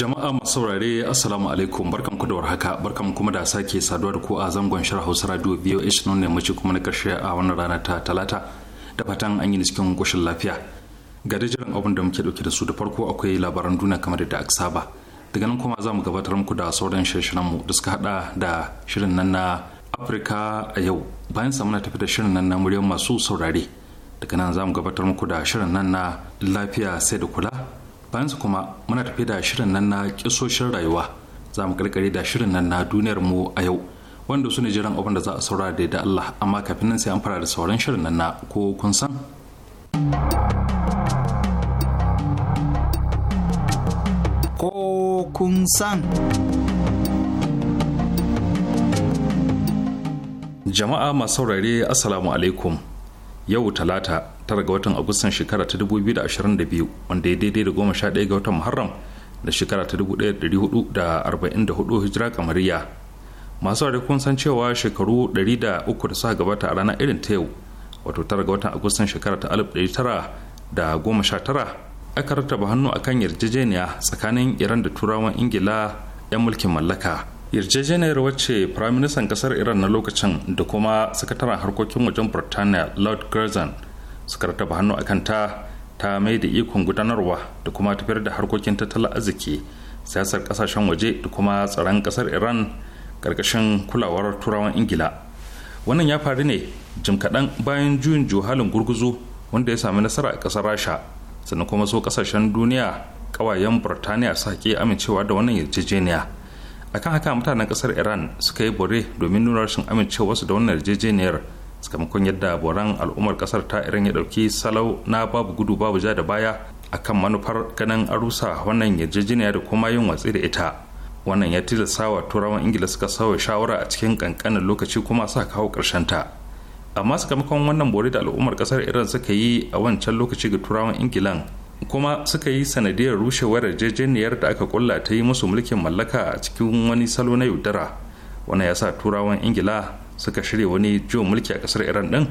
jama'a masu saurare assalamu alaikum barkan ku da warhaka barkan kuma da sake saduwa da ku a zangon shirin hausa radio voh nan ne mace kuma na karshe a wannan rana ta talata da fatan an yi cikin koshin lafiya ga jiran abin da muke dauke da su da farko akwai labaran duniya kamar da aka saba daga nan kuma za mu gabatar muku da sauran shirin mu da suka hada da shirin nan na afirka a yau bayan sa muna tafi da shirin nan na muryar masu saurare daga nan za mu gabatar muku da shirin nan na lafiya sai da kula bayan su kuma muna tafi da shirin nan na kisoshin rayuwa za mu karkare da shirin nan na duniyar mu a yau wanda su ne jiran abin da za a saurara da da Allah amma kafin nan sai an fara da sauran shirin nan na ko kun san ko kun san jama'a masu saurare assalamu alaikum yau talata tara ga watan agustan shekara ta 2022 wanda ya daidai da goma sha ɗaya ga watan muharram da shekara ta 1444 hijira kamariya masu ware kun san cewa shekaru 300 da suka gabata a ranar irin ta yau wato tara ga watan agustan shekara ta 1919 aka rataba hannu akan yarjejeniya tsakanin iran da turawan ingila 'yan mulkin mallaka yarjejeniyar wacce firaministan kasar iran na lokacin da kuma sakataren harkokin wajen burtaniya lord gerson suka rataba hannu a kanta ta mai da ikon gudanarwa da kuma tafiyar da harkokin tattalin arziki siyasar kasashen waje da kuma tsaron kasar iran karkashin kulawar turawan ingila wannan ya faru ne jim kaɗan bayan juyin juhalin gurguzu wanda ya sami nasara a ƙasar rasha sannan kuma so kasashen duniya ƙawayen burtaniya su haƙe amincewa da wannan yarjejeniya akan haka mutanen kasar iran suka yi bore domin nuna rashin amincewarsu da wannan yarjejeniyar sakamakon yadda boran al'ummar kasar ta iran ya dauki salau na babu gudu babu ja da baya akan manufar ganin arusa wannan yarjejeniya da kuma yin watsi da ita wannan ya tilasta wa turawan ingila suka sauya shawara a cikin kankanin lokaci kuma sa kawo karshen ta amma sakamakon wannan bore da al'ummar kasar iran suka yi a wancan lokaci ga turawan ingilan kuma suka yi sanadiyar rushewar jejeniyar da aka kulla ta yi musu mulkin mallaka a cikin wani salo na yaudara wani ya sa turawan ingila suka shirya wani jiwon mulki a kasar iran din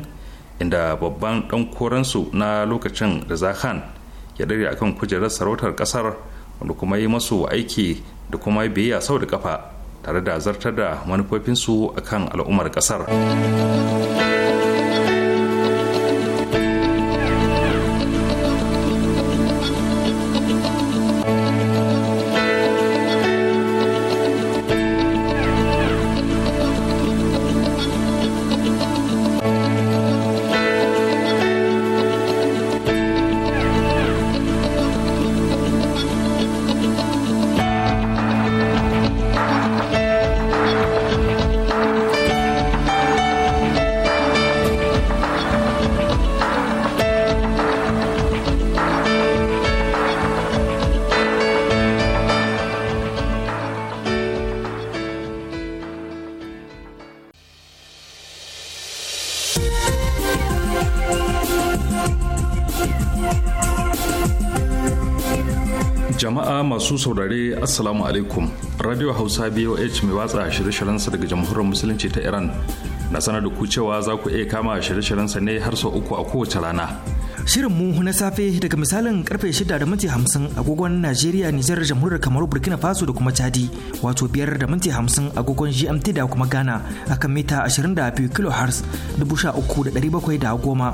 inda babban dan koransu na lokacin da khan ya dare akan kujerar sarautar kasar wanda kuma yi masu aiki da kuma biyayya sau da kafa tare da zartar da manufofinsu akan al'ummar kasar jama'a masu saurare assalamu alaikum radio hausa boh mai watsa shirye shiryen sa daga jamhuriyar musulunci ta iran na sanar da ku cewa za ku iya kama shirye shiryen sa ne har sau uku a kowace rana shirin mu na safe daga misalin karfe shida da minti hamsin agogon najeriya nijar jamhuriyar kamaru burkina faso da kuma chadi wato biyar da minti hamsin agogon gmt da kuma ghana akan mita 22 kilohertz goma.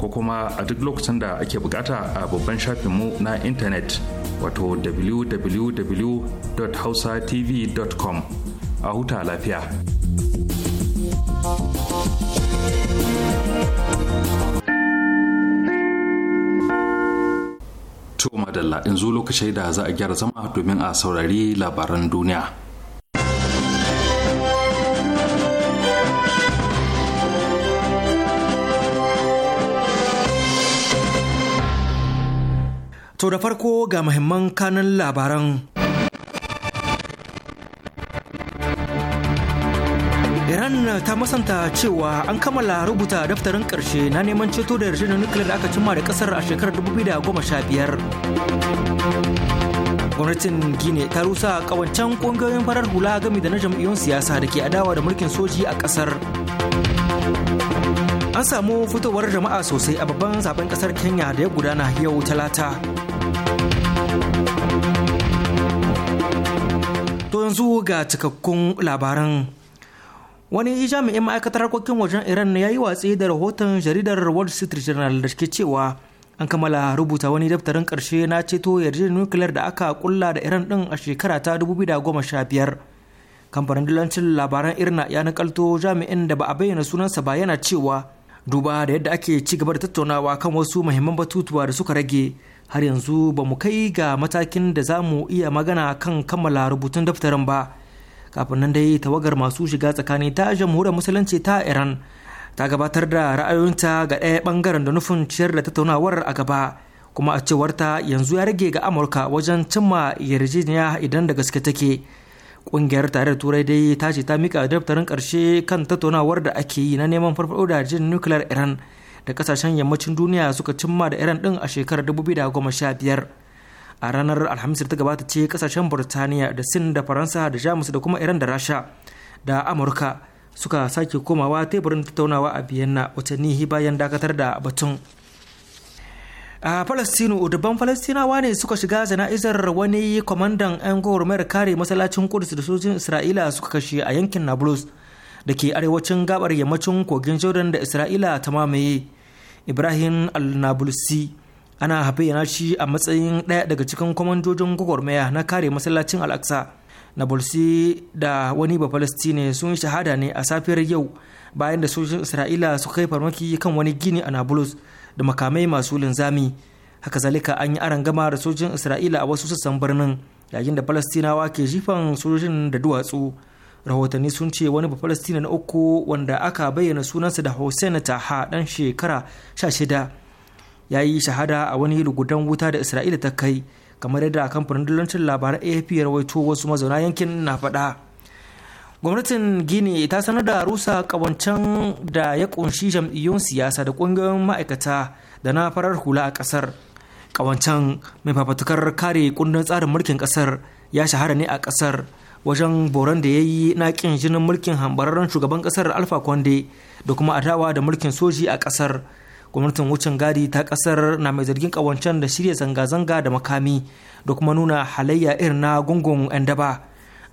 ko kuma a duk lokacin da ake bukata a babban shafinmu na intanet wato www.hausatv.com a huta lafiya. Tuma madalla in zo lokacin da za a gyara zama domin a saurari labaran duniya. To da farko ga muhimman kanan labaran. Iran ta masanta cewa an kammala rubuta daftarin ƙarshe na neman ceto da yarjejeniyar nukiliyar da aka cimma da ƙasar a shekarar 2015. Gwamnatin Gine ta rusa ƙawancen ƙungiyoyin farar hula gami da na jam'iyyun siyasa da ke adawa da mulkin soji a ƙasar. An samu fitowar jama'a sosai a babban zaben ƙasar Kenya da ya gudana yau talata. yanzu ga cikakkun labaran wani jami'in ma'aikatar harkokin wajen iran ya yi watsi da rahoton jaridar world street journal da ke cewa an kammala rubuta wani daftarin karshe na ceto yarjejeniyar nukiliyar da aka kulla da iran din a shekara ta 2015 kamfanin dillancin labaran irin ya nakalto jami'in da ba a bayyana sunansa ba yana cewa duba da yadda ake ci gaba da tattaunawa kan wasu muhimman batutuwa da suka rage har yanzu ba mu kai ga matakin da za mu iya magana kan kammala rubutun daftarin ba kafin nan dai tawagar masu shiga tsakani ta jamhuriyar musulunci ta iran ta gabatar da ra'ayoyinta ga ɗaya ɓangaren da nufin ciyar da tattaunawar a gaba kuma a cewarta yanzu ya rage ga amurka wajen cimma yarjejeniya idan da gaske take ƙungiyar tarayyar turai dai ta ce ta mika daftarin karshe kan tattaunawar da ake yi na neman farfaɗo da yarjejeniyar iran da kasashen yammacin duniya suka cimma da iran din a shekarar 2015 a ranar alhamis ta gabata ce kasashen burtaniya da sin da faransa da jamus da kuma iran da rasha da amurka suka sake komawa teburin tattaunawa a vienna watanni bayan dakatar da batun a falastinu dubban falastinawa ne suka shiga jana'izar wani kwamandan 'yan gwamnatin kare masallacin kudus da sojin isra'ila suka kashe a yankin nablus da ke arewacin gabar yammacin kogin jordan da isra'ila ta mamaye ibrahim al-nabulsi ana bayyana shi a matsayin ɗaya daga cikin kwamandojin gwagwarmaya na kare masallacin al'aksa nabulsi da wani ba bafalastine sun shahada ne a safiyar yau bayan da sojin isra'ila su kai farmaki kan wani gini a nablus da makamai masu linzami haka zalika an yi gama da sojin isra'ila a wasu sassan birnin yayin da falastinawa ke jifan sojin da duwatsu rahotanni sun ce wani bafalastina na uku wanda aka bayyana sunansa da hussein taha dan shekara 16 ya yi shahada a wani lugudan wuta da isra'ila ta kai kamar yadda kamfanin dalancin labaran afp ya rawaito wasu mazauna yankin na faɗa gwamnatin gini ta sanar da rusa kawancen da ya kunshi jam'iyyun siyasa da ƙungiyoyin ma'aikata da na farar hula a ƙasar kawancen mai fafatukar kare kundin tsarin mulkin ƙasar ya shahara ne a ƙasar wajen boron da ya yi na kin jinin mulkin hambararren shugaban kasar alfa kwande da kuma adawa da mulkin soji a kasar gwamnatin wucin gadi ta kasar na mai zargin ƙawancen da shirya zanga-zanga da makami da kuma nuna halayya irin na gungun 'yan daba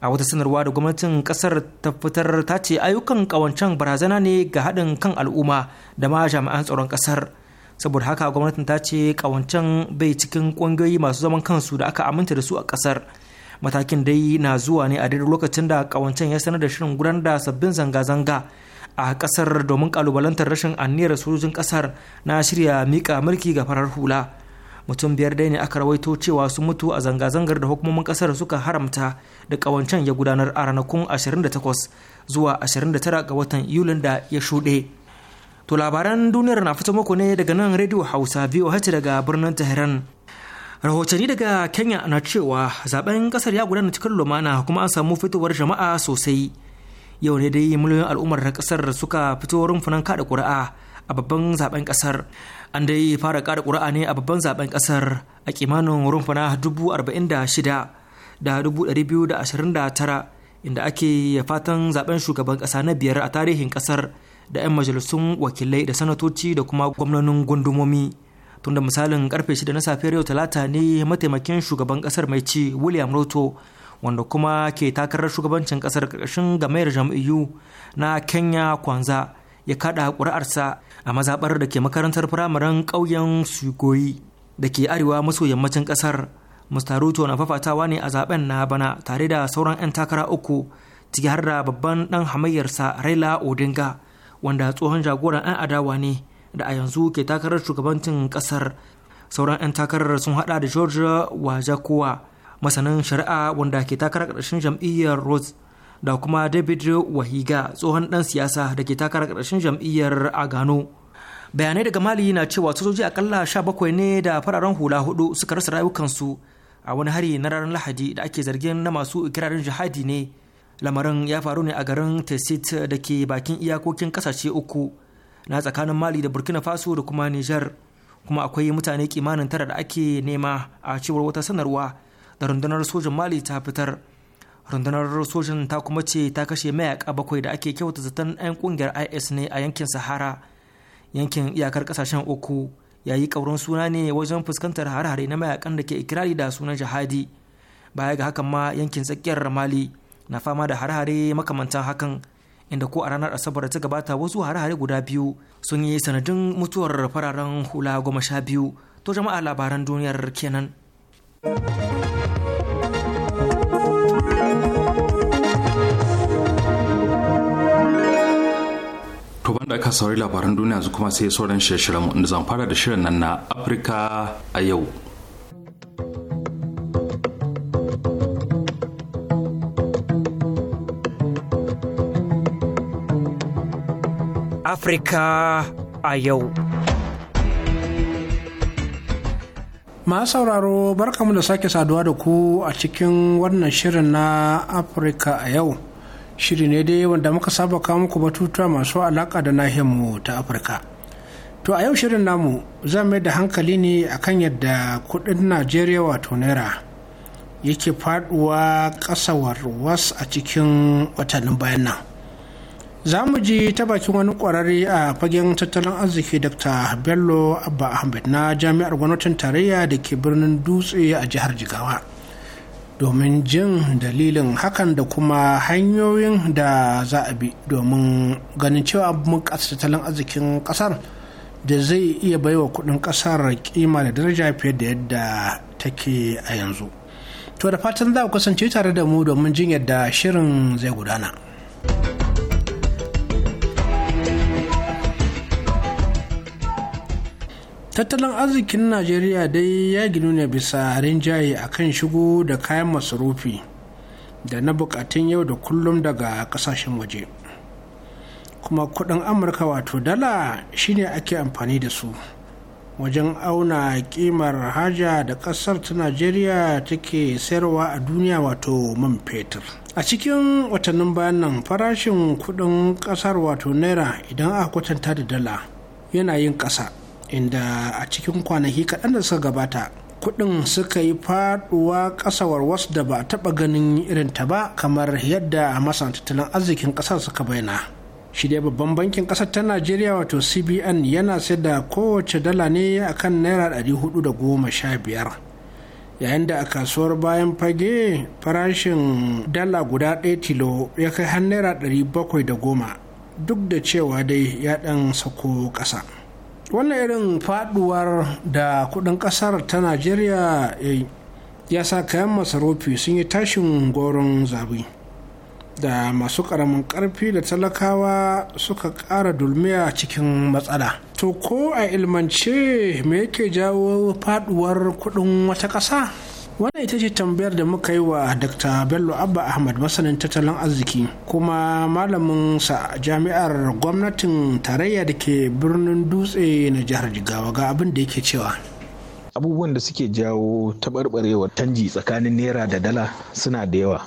a wata sanarwa da gwamnatin kasar ta fitar ta ce ayyukan ƙawancen barazana ne ga haɗin kan al'umma da ma jami'an tsaron kasar saboda haka gwamnatin ta ce kawancen bai cikin ƙungiyoyi masu zaman kansu da aka aminta da su a kasar. matakin dai na zuwa ne a daidai lokacin da kawancen ya sanar da shirin gudanar da sabbin zanga-zanga a kasar domin kalubalantar rashin anniyar sojojin kasar na shirya mika mulki ga farar hula mutum biyar dai ne aka rawaito cewa sun mutu a zanga-zangar da hukumomin kasar suka haramta da kawancen ya gudanar a ranakun 28 zuwa 29 ga watan yulin da ya shuɗe to labaran duniyar na fito muku ne daga nan radio hausa voh daga birnin tehran rahotanni daga kenya na cewa zaben kasar ya gudana cikin lumana kuma an samu fitowar jama'a sosai yau ne dai miliyoyin al'ummar kasar suka fito rumfunan kada kuri'a a babban zaben kasar an dai fara kada kuri'a ne a babban zaben kasar a kimanin rumfuna dubu arba'in da shida da dubu ɗari biyu da ashirin da tara inda ake fatan zaben shugaban kasa na biyar a tarihin kasar da 'yan majalisun wakilai da sanatoci da kuma gwamnonin gundumomi tunda misalin karfe 6 na safiyar yau talata ne mataimakin shugaban kasar mai ci william ruto wanda kuma ke takarar shugabancin kasar karkashin gamayar jam'iyyu na kenya kwanza ya kada ƙuri'arsa a mazaɓar da ke makarantar firamaren ƙauyen sugoyi da ke arewa maso yammacin kasar mr ruto na fafatawa ne a zaben na bana tare da sauran 'yan takara uku ciki har da babban dan hamayyarsa raila odinga wanda tsohon jagoran 'yan adawa ne da a yanzu ke takarar shugabancin kasar sauran 'yan takarar sun hada da george wajakowa masanin shari'a wanda ke takarar ƙarshen jam'iyyar rose da kuma david wahiga tsohon dan siyasa da ke takarar ƙarshen jam'iyyar agano bayanai daga mali na cewa sojoji akalla bakwai ne da fararen hula hudu suka rasa rayukansu a wani hari na ranar lahadi da ake zargin na masu ikirarin jihadi ne lamarin ya faru ne a garin tesit da ke bakin iyakokin kasashe uku na tsakanin mali da burkina faso da kuma niger kuma akwai mutane kimanin tara da ake nema a cewar wata sanarwa da rundunar sojan mali ta fitar rundunar sojan ta kuma ce ta kashe mayaka bakwai da ake kyauta zaton 'yan kungiyar is ne a yankin sahara yankin iyakar kasashen uku yayi kaurin suna ne wajen fuskantar hare-hare na mayakan da ke ikirari da sunan jihadi baya ga hakan ma yankin tsakiyar mali na fama da hare-hare makamantan hakan inda ko a ranar asabar da ta gabata wasu hare-hare guda biyu sun yi sanadin mutuwar fararen hula goma sha biyu to jama'a labaran duniyar kenan. To da aka saurari labaran duniya su kuma sai sauran shirye-shiryen inda zan fara da shirin nan na Afirka a yau. Afrika a yau. Masu sauraro barkamu da sake saduwa da ku a cikin wannan shirin na afrika a yau. Shiri ne dai wanda muka saba kawo muku batutuwa masu alaƙa da nahiyarmu ta Afirka. To a yau shirin namu zan mai da hankali ne akan yadda kudin Najeriya wato Naira yake faduwa kasawar was a cikin watannin bayan nan. za mu ji ta bakin wani kwararre a fagen tattalin arziki dr bello abba ahmed na jami'ar gwamnatin tarayya da ke birnin dutse a jihar jigawa domin jin dalilin hakan da kuma hanyoyin da za a bi domin ganin cewa bunƙasa tattalin arzikin ƙasar da zai iya baiwa kuɗin ƙasar kima da daraja fiye da yadda take a yanzu to da fatan za ku kasance tare da mu domin jin yadda shirin zai gudana. tattalin arzikin najeriya dai ya ginu ne bisa rinjaye a kan shigo da kayan masarufi da na bukatun yau da kullum daga kasashen waje kuma kudin amurka wato dala shine ake amfani da su wajen auna kimar haja da kasar ta najeriya take sayarwa a duniya wato man fetur a cikin watannin bayan nan farashin kudin kasar wato naira idan aka kwatanta da dala yana yin kasa inda a cikin kwanaki kaɗan da suka gabata kuɗin suka yi faɗuwa ƙasawar wasu da ba a taɓa ganin irin ta ba kamar yadda masan tattalin arzikin ƙasar suka bayyana shi dai babban bankin ƙasar ta najeriya wato cbn yana sayar da kowace dala ne akan naira ɗari da goma sha hudu biyar yayin da a kasuwar bayan fage farashin dala guda ɗaya tilo ya kai har naira ɗari bakwai da goma duk da cewa dai ya ɗan sako ƙasa wannan irin faduwar da kudin kasar ta najeriya ya sa kayan masarufi sun yi tashin goron zabi da masu karamin karfi da talakawa suka kara dulmiya cikin matsala to ko a ilmance me yake jawo faduwar kudin wata kasa wannan ita ce tambayar da muka yi wa dr bello abba ahmad masanin tattalin arziki kuma malamin sa jami'ar gwamnatin tarayya da ke birnin dutse na jihar jigawa ga abin da yake cewa abubuwan da suke jawo taɓarɓarewar canji tsakanin naira da dala suna da yawa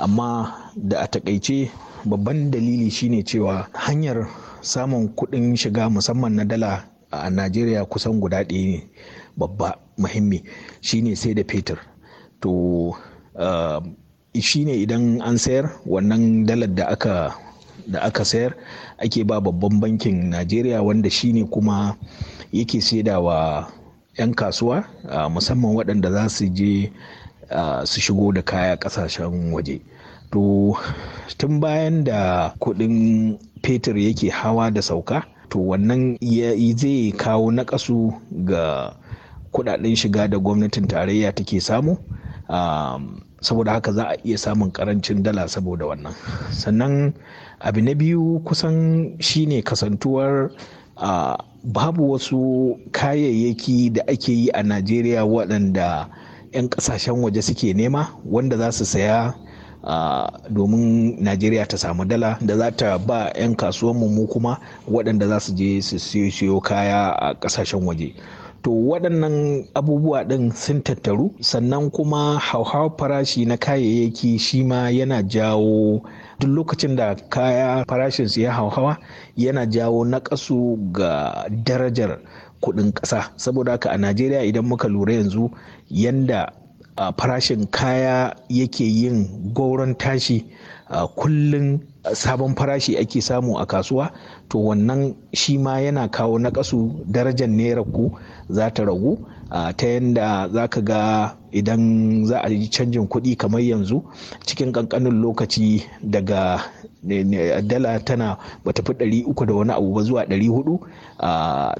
amma da a takaice babban dalili shine cewa hanyar samun kuɗin shiga musamman na dala a najeriya kusan guda ɗaya ne babba muhimmi shine sai da fetur to eh, shine idan an sayar wannan dalar da aka da aka sayar ake ba babban bankin najeriya wanda shine kuma yake wa 'yan kasuwa eh, musamman waɗanda za su je eh, su shigo da kaya ƙasashen waje to tun bayan da kuɗin fetur yake hawa da sauka to wannan zai kawo naƙasu ga kudaden shiga da gwamnatin tarayya take samu um, saboda haka za a iya samun karancin dala saboda wannan sannan abu na biyu kusan shine kasantuwar babu wasu kayayyaki da ake yi a najeriya waɗanda 'yan ƙasashen waje suke nema wanda za su saya domin najeriya ta samu dala da za ta ba 'yan kasuwanmu mu kuma waɗanda za su je su siyo kaya a ƙasashen waje to waɗannan abubuwa ɗin sun tattaru sannan kuma hauhawar farashi na kayayyaki shi ma yana jawo duk lokacin da kaya farashinsu ya hauhawa yana jawo naƙasu ga darajar kuɗin ƙasa saboda haka a najeriya idan muka lura yanzu yanda farashin kaya yake yin goron tashi kullum sabon farashi ake samu a kasuwa to wannan shi ma yana kawo naƙasu darajar naira ku za ta ragu ta yadda za ka ga idan za a yi canjin kuɗi kamar yanzu cikin ƙanƙanin lokaci daga dala tana bata fi ɗari uku da wani abu ba zuwa ɗari hudu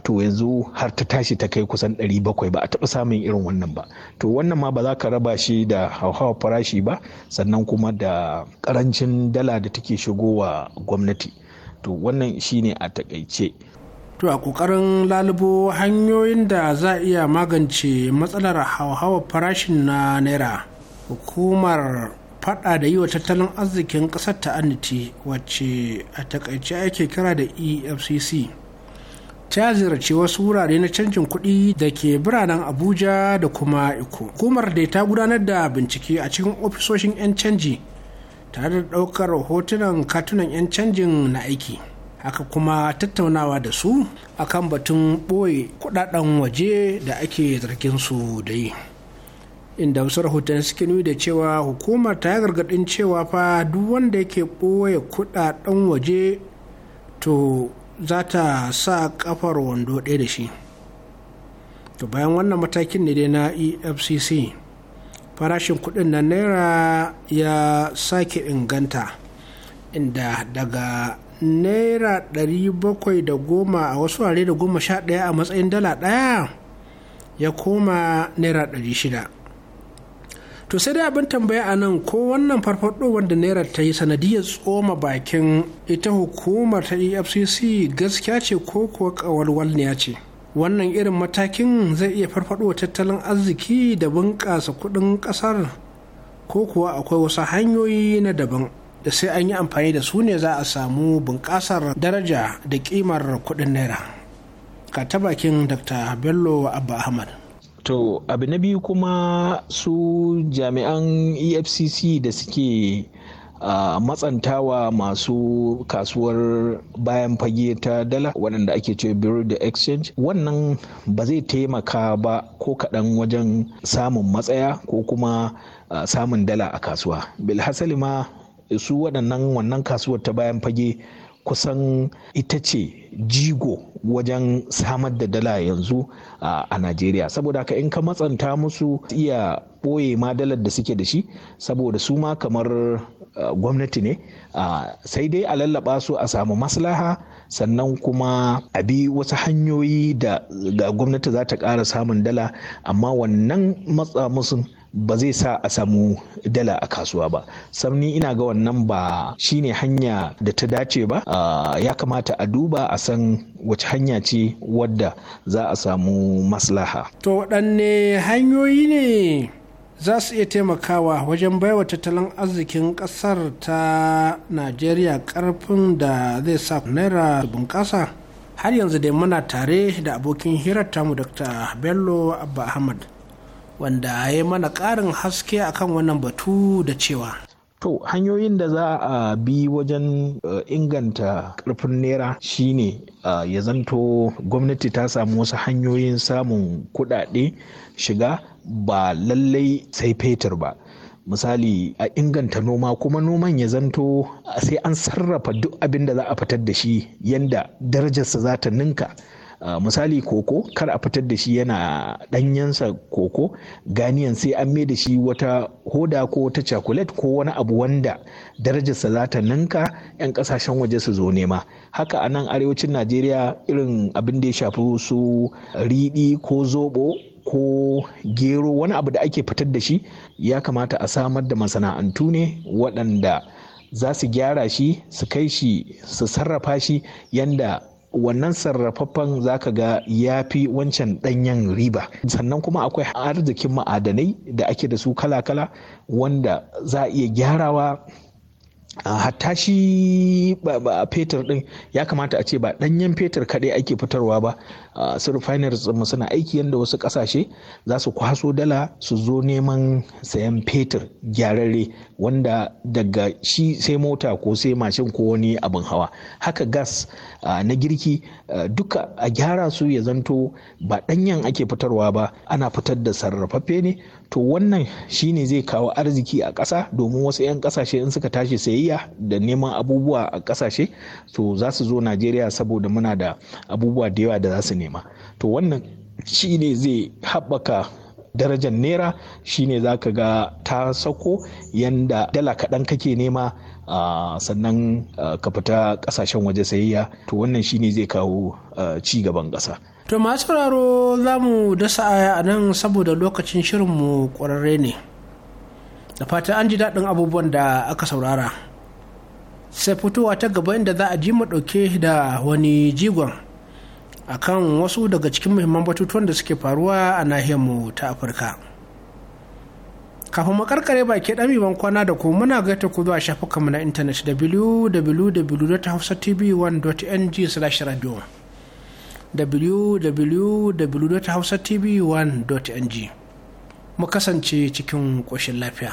to yanzu har ta tashi ta kai kusan ɗari bakwai ba a taɓa samun irin wannan ba to wannan ma ba za ka raba shi da hauhawa farashi ba sannan kuma da ƙarancin dala da take shigowa gwamnati to wannan shine a takaice to a ƙoƙarin lalubo hanyoyin da za a iya magance matsalar hauhawar farashin na naira hukumar fada da yi wa tattalin arzikin ƙasar ta anniti wacce a takaice ake kira da efcc ta ziyarci wasu wurare na canjin kuɗi da ke biranen abuja da kuma iko hukumar da ta gudanar da bincike a cikin ofisoshin 'yan canji tare da ɗaukar hotunan katunan 'yan canjin na aiki aka kuma tattaunawa da su akan batun ɓoye kudaden waje da ake zargin su da yi inda wasu rahoton suke nuni da cewa hukumar ta gargaɗin cewa fa duk wanda yake ɓoye kudaden waje to za ta sa kafar wando ɗaya da shi to bayan wannan matakin ne dai na efcc farashin kudin na naira ya sake inganta inda daga naira ɗari bakwai da goma a wasu ware da goma sha ɗaya a matsayin dala ɗaya ya koma naira ɗari shida to sai dai abin tambaya a nan ko wannan farfaɗo wanda naira ta yi sanadiyar tsoma bakin ita hukumar ta efcc gaskiya ce ko kuwa ƙawalwalniya ce wannan irin matakin zai iya farfaɗo tattalin arziki da bunƙasa kuɗin ƙasar ko kuwa akwai wasu hanyoyi na daban da sai an yi amfani da su ne za a samu bunƙasar daraja da ƙimar kuɗin naira ka ta bakin dr bello abba ahmad to abu na biyu kuma su jami'an efcc da suke a matsantawa masu kasuwar bayan fage ta dala waɗanda ake ce bureau da exchange wannan ba zai taimaka ba ko kaɗan wajen samun matsaya ko kuma uh, samun dala a kasuwa bilhassali ma su waɗannan wannan kasuwar ta bayan fage kusan ita ce jigo wajen samar da dala yanzu a najeriya saboda haka in ka matsanta musu iya ɓoye ma dalar da suke da shi saboda su ma kamar gwamnati ne sai dai a lallaba su a samu maslaha sannan kuma a bi wasu hanyoyi da gwamnati za ta ƙara samun dala amma wannan matsa musu. ba zai sa a samu dala a kasuwa ba samni ina ga wannan ba shine hanya da ta dace ba ya kamata a duba a san wace hanya ce wadda za a samu maslaha to waɗanne hanyoyi ne za su iya taimakawa wajen baiwa tattalin arzikin ƙasar ta najeriya ƙarfin da zai sa naira bunƙasa har yanzu dai muna tare da abokin hirar tamu dr bello abba ahmad wanda ya mana ƙarin haske akan wannan batu da cewa To hanyoyin da za a bi wajen uh, inganta karfin nera shine uh, ya zanto gwamnati ta samu wasu hanyoyin samun kuɗaɗe shiga ba lallai sai fetur ba. misali a inganta noma kuma noman ya zanto uh, sai an sarrafa duk abin da za a fitar da shi yadda darajarsa za ta ninka Ah, misali koko kar a fitar da shi yana ɗanyensa koko ganiyan sai an da shi wata hoda ko wata cakulet ko wani abu wanda darajarsa za ta ninka 'yan kasashen waje su zo nema haka a nan arewacin najeriya irin abin da ya shafi su riɗi ko zobo ko gero wani abu da ake fitar da shi ya kamata a samar da masana'antu ne waɗanda za su gyara shi su kai shi su sarrafa shi yanda wannan sarrafaffen ka ga ya fi wancan ɗanyen riba sannan kuma akwai arzikin ma'adanai da ake da su kala-kala wanda za a iya gyarawa hatta shi fetur ɗin ya kamata a ce ba ɗanyen fetur kaɗai ake fitarwa ba Ah, su refineries mu suna aiki yadda wasu kasashe za su kwaso dala su zo neman sayan fetur gyararre wanda daga shi sai mota ko sai mashin ko wani abin hawa haka gas ah, na girki ah, duka a gyara su ya zanto ba danyen ake fitarwa ba ana fitar da sarrafaffe ne to wannan shine zai kawo arziki a ƙasa domin wasu 'yan ƙasashe in suka tashi sayayya da neman abubuwa a ƙasashe to za su zo najeriya saboda muna da abubuwa da yawa da za su nema to wannan shi ne zai haɓaka darajar nera shi ne za ka ga ta sako yanda dala kaɗan kake nema sannan ka fita ƙasashen waje sayayya to wannan shi ne zai kawo ci gaban ƙasa to masu sauraro za mu dasa aya a nan saboda lokacin shirinmu ƙwararre ne da fata an ji daɗin abubuwan da aka saurara sai fitowa ta gaba inda za a ji mu ɗauke da wani jigon akan wasu daga cikin muhimman batutuwan da suke faruwa a nahiyar mu ta afirka kafin makarkare baki dami ban kwana da ku muna gaita ku zuwa shafukanmu na intanet www.hausatv1.ng/radio www.hausatv1.ng mu kasance cikin ƙoshin lafiya.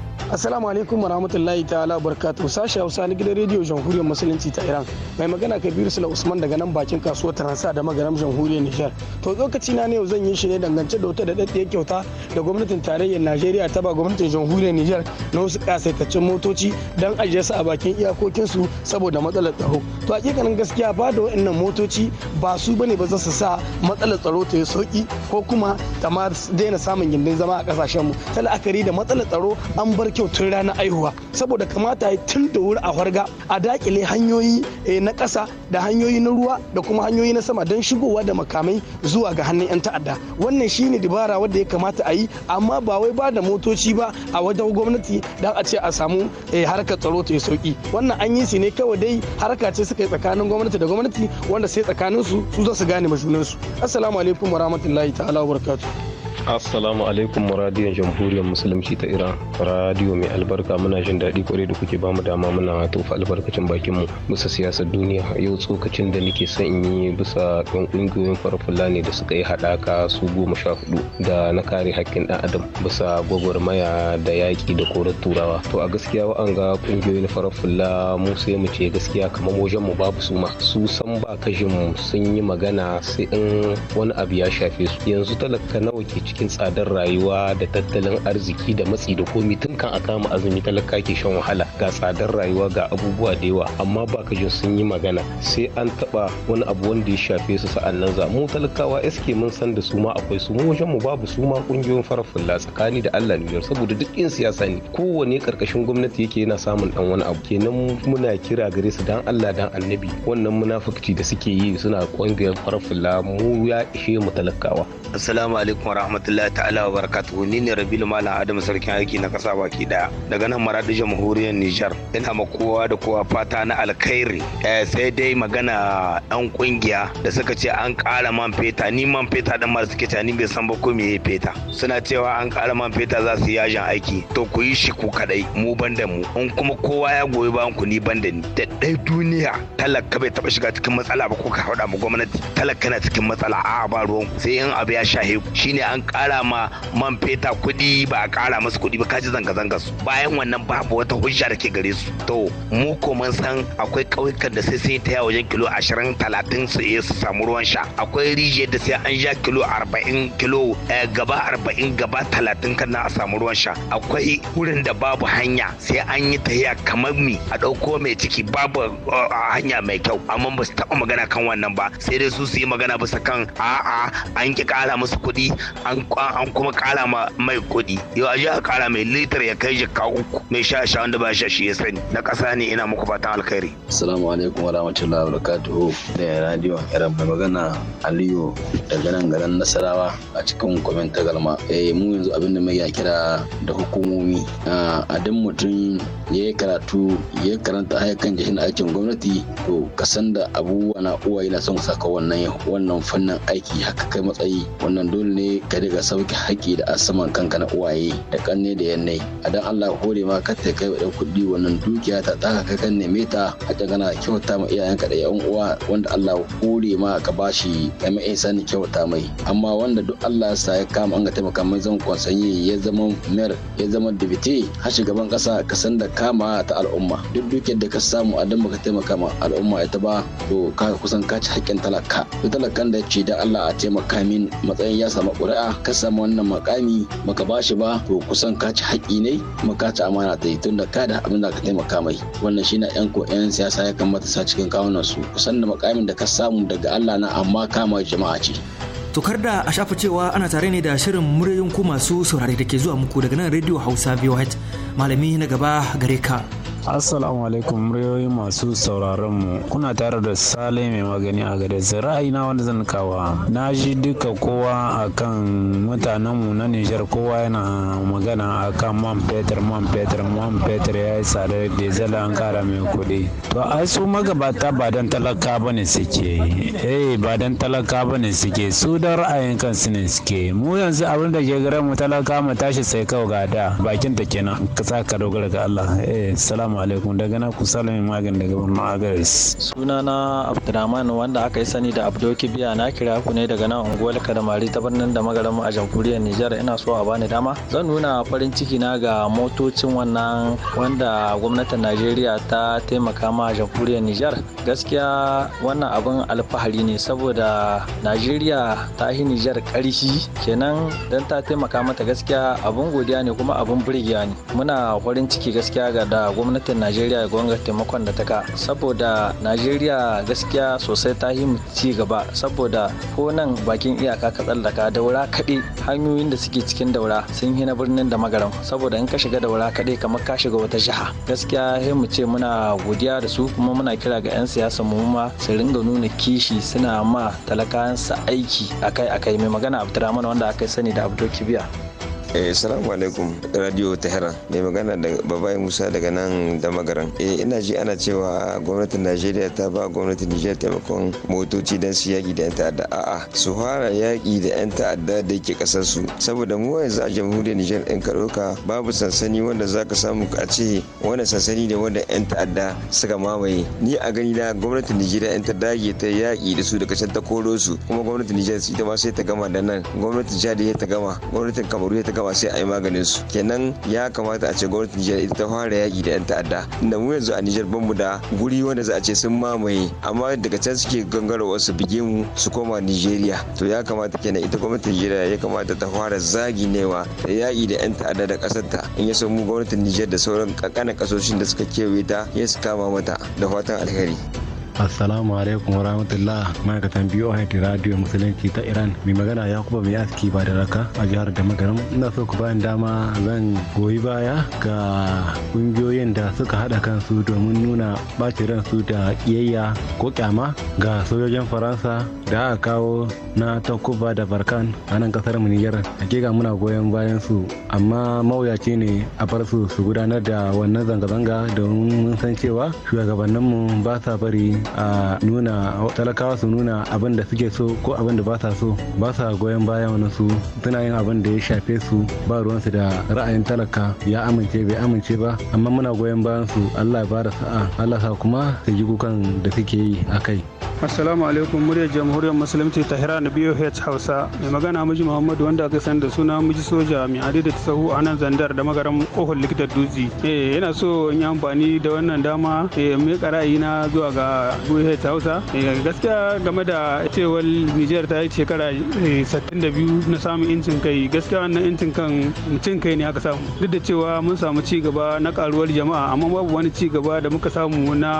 Assalamu alaikum rahmatullahi ta'ala barkatu sashi Hausa na gidan rediyo Jamhuriyar Musulunci ta Iran. Mai magana Kabiru Sula Usman daga nan bakin kasuwar Taransa da magaram Jamhuriyar Nijar. To lokaci na ne yau zan yi shi ne dangance da wata daɗaɗɗiyar kyauta da gwamnatin tarayyar Najeriya ta ba gwamnatin Jamhuriyar Nijar na wasu kasaitaccen motoci don ajiye su a bakin iyakokinsu saboda matsalar tsaro. To hakikanin gaskiya ba da waɗannan motoci ba su bane ba za su sa matsalar tsaro ta yi sauki ko kuma ta ma daina samun gindin zama a mu Ta la'akari da matsalar tsaro an bar kyau tun ranar aihuwa saboda kamata ya tun da wuri a harga a dakile hanyoyi eh, na ƙasa da hanyoyi na ruwa da kuma hanyoyi na sama don shigowa da makamai zuwa ga hannun 'yan ta'adda wannan shi ne dabara wanda ya kamata a yi amma ba wai ba da motoci ba a wajen gwamnati don a ce a samu eh, harkar tsaro ta yi sauki wannan an yi su ne kawai dai harka ce suka yi tsakanin gwamnati da gwamnati wanda sai tsakanin su su za su gane majunansu assalamu alaikum warahmatullahi ta'ala wabarakatuh Assalamu alaikum radiyon jamhuriyar musulunci ta Iran. Radiyo mai albarka muna jin daɗi kwarai da kuke bamu dama muna tofa albarkacin bakin mu bisa siyasar duniya. Yau tsokacin da nake son yi bisa ɗan ƙungiyoyin farfula ne da suka yi haɗaka su goma sha hudu da na kare haƙƙin ɗan adam bisa gwagwarmaya da yaƙi da korar turawa. To a gaskiya ga ƙungiyoyin farfula mu sai mu ce gaskiya kamar wajen mu babu suma. Su san ba kashin mu sun yi magana sai in wani abu ya shafe su. Yanzu talaka nawa ke cikin tsadar rayuwa da tattalin arziki da matsi da komi tun kan a kama azumi talaka ke shan wahala ga tsadar rayuwa ga abubuwa da yawa amma ba jin sun yi magana sai an taba wani abu wanda ya shafe su sa'an nan za mu talakawa eske mun san da su ma akwai su mu wajen mu babu su ma kungiyoyin farafulla tsakani da Allah ne saboda duk in siyasa ne kowane karkashin gwamnati yake yana samun dan wani abu kenan muna kira gare su dan Allah dan annabi wannan munafukci da suke yi suna kungiyar farafulla mu ya ishe mu talakawa assalamu alaikum wa rahmatullahi ta'ala wa barakatuhu ni ne Rabilu Malam Adam sarkin aiki na kasa baki daya daga nan Maradi Jamhuriyar Nijar ina ma kowa da kowa fata na alkhairi eh, sai dai magana yan kungiya da suka ce an ƙara man feta ni man feta da masu suke ni bai san ba ko me feta suna cewa an ƙara man feta za su yajin aiki to ku yi shi ku kadai mu ban da mu in kuma kowa ya goyi bayan ku ni ban da ni da dai duniya talaka bai taba shiga cikin matsala ba ko ka haɗa mu gwamnati talaka na cikin matsala a ba ruwan sai in abu ya shahe shine an kara ma man feta kuɗi ba a kara musu kuɗi ba kaji zanga-zanga su bayan wannan babu wata hujja da ke gare su to mu ko mun san akwai kauyukan da sai sun yi ta wajen kilo ashirin talatin su iya su samu ruwan sha akwai rijiyar da sai an ja kilo arba'in kilo eh, gaba arba'in gaba talatin kan a samu ruwan sha akwai wurin da babu hanya sai an yi ta tahiya kamar mi a dauko mai ciki babu eh, hanya mai kyau amma ba su taɓa magana kan wannan ba sai dai su su yi magana bisa kan a'a an ki kara musu kuɗi an an kuma kara ma mai kuɗi yau a a kara mai litar ya kai jikka uku mai sha sha wanda ba sha shi ya sani na kasa ne ina muku fatan alkhairi assalamu alaikum wa rahmatullahi wa barakatuhu da radio iran mai magana aliyu daga nan garin nasarawa a cikin kwamen tagalma eh mu yanzu abin da mai ya kira da hukumomi a duk mutum ya yi karatu ya karanta ayyukan jihin aikin gwamnati to kasan da abubuwa na uwa yana son saka wannan wannan fannin aiki haka kai matsayi wannan dole ne ka daga sauki haƙi da asaman kanka na uwaye da kanne da yannai a dan Allah hore ma ka kai wa kuɗi wannan dukiya ta tsaka ka kan neme ta a can kana kyauta ma iyayenka da yan uwa wanda Allah hore ma ka bashi kai mai sani kyauta mai amma wanda duk Allah ya sa ya kama an ga taimaka mai zan kwansanye ya zama mer ya zama dibite ha shugaban kasa ka san da kama ta al'umma duk dukiyar da ka samu a dan baka taimaka ma al'umma ita ba to ka kusan ka ci haƙƙin talaka duk talakan da ya ce da Allah a taimaka min matsayin ya samu ƙuri'a ka samu wannan makami baka ba shi ba to kusan ka ci haƙƙi ne kuma ka ci amana ta yi tun da ka da abin da ka taimaka mai wannan shi na yan ko yan siyasa ya kamata sa cikin kawunan su kusan da makamin da ka samu daga Allah na amma kama jama'a ce. kar da a shafa cewa ana tare ne da shirin muryoyin ku masu saurare da ke zuwa muku daga nan Radio Hausa VOH Malami na gaba gare ka. Assalamu alaikum muryoyi masu sauraron mu kuna tare da Sale mai magani a gada ra'ayi na wanda zan kawa na ji duka kowa kan mutanen mu na Nijar kowa yana magana a kan man fetur man fetur man fetur ya yi tsada da zala an kara mai kuɗi to ai su magabata ba don talaka ne suke eh ba don talaka ne suke su da ra'ayin kansu ne suke mu yanzu abin da ke gare mu talaka mu tashi sai kawai ga da bakin ta kenan ka sa ka dogara ga Allah eh salam assalamu alaikum daga na ku salamin magani daga wannan agaris suna na abdurrahman wanda aka yi sani da abdoki kibiya na kira ku ne daga nan unguwar kadamari ta birnin da mu a jamhuriyar nijar ina so a bani dama zan nuna farin ciki na ga motocin wannan wanda gwamnatin najeriya ta taimaka ma jamhuriyar nijar gaskiya wannan abin alfahari ne saboda najeriya ta yi nijar karshi kenan dan ta taimaka mata gaskiya abin godiya ne kuma abin birgiya ne muna farin ciki gaskiya ga da gwamnati gwamnatin najeriya gwamnatin taimakon da ta ka saboda najeriya gaskiya sosai ta yi ci gaba saboda ko nan bakin iyaka ka tsallaka daura kaɗai hanyoyin da suke cikin daura sun yi na birnin da magaram saboda in ka shiga daura kaɗai kamar ka shiga wata jiha gaskiya sai mu ce muna godiya da su kuma muna kira ga 'yan siyasa mu ma su ringa nuna kishi suna ma talakansa aiki akai akai mai magana abdurrahman wanda aka sani da abdul kibiya eh salamu alaikum radio mai magana da babai musa daga nan da magaran eh ina ji ana cewa gwamnatin najeriya ta ba gwamnatin nijar taimakon motoci don su yaki da yan ta'adda a'a su fara yaki da yan ta'adda da ke kasar su saboda mu yanzu a jamhuriyar nijar ɗin karoka babu sansani wanda zaka samu a ce wani sansani ne wanda yan ta'adda suka mamaye ni a gani na gwamnatin nigeria yan ta dage ta yaki da su daga can ta koro su kuma gwamnatin nijar ita ma sai ta gama da nan gwamnatin jihar ta gama gwamnatin kamaru ta gama gaba sai a yi maganin su kenan ya kamata a ce gwamnatin Nijar ita ta fara yaki da yan ta'adda inda mu yanzu a Nijar ban mu da guri wanda za a ce sun mamaye amma daga can suke gangara wasu bige mu su koma Nijeriya to ya kamata kenan ita gwamnatin nijar ya kamata ta fara zagi newa da yaki da yan ta'adda da kasar ta in ya so mu gwamnatin Nijar da sauran kakana kasoshin da suka kewaye ta ya su kama mata da fatan alheri. assalamu alaikum warahmatullah ma'aikatan biyu a radio musulunci ta iran mai magana ya kuma mai aski ba da raka a jihar da magana ina so ku bayan dama zan goyi baya ga kungiyoyin da suka hada kansu domin nuna ɓacin ransu da kiyayya ko kyama ga sojojin faransa da aka kawo na takuba da barkan a nan kasar mu niger hakika muna goyon bayan su amma mawuyaci ne a bar su su gudanar da wannan zanga-zanga domin mun san cewa shugabanninmu ba sa bari a nuna talakawa su nuna abin da suke so ko abin da ba sa so ba sa goyon bayan wani su suna yin abin da ya shafe su ba ruwansu da ra'ayin talaka ya amince bai amince ba amma muna goyon bayan su Allah ya bada sa'a Allah sa kuma su ji kukan da suke yi a kai. assalamu alaikum muryar jamhuriyar musulunci tahira na biyu hausa mai magana miji muhammadu wanda aka san da suna miji soja mai adi da sahu a nan zandar da magaran kohon likitar dutse yana eh, so in yi amfani da wannan dama eh mai ra'ayi na zuwa ga biyu hausa eh, gaskiya game da cewar nijar ta yi shekara 62 eh, na samun incin kai gaskiya wannan incin kan mutum kai ne aka samu duk da cewa mun samu ci gaba na karuwar jama'a amma babu wani ci gaba da muka samu na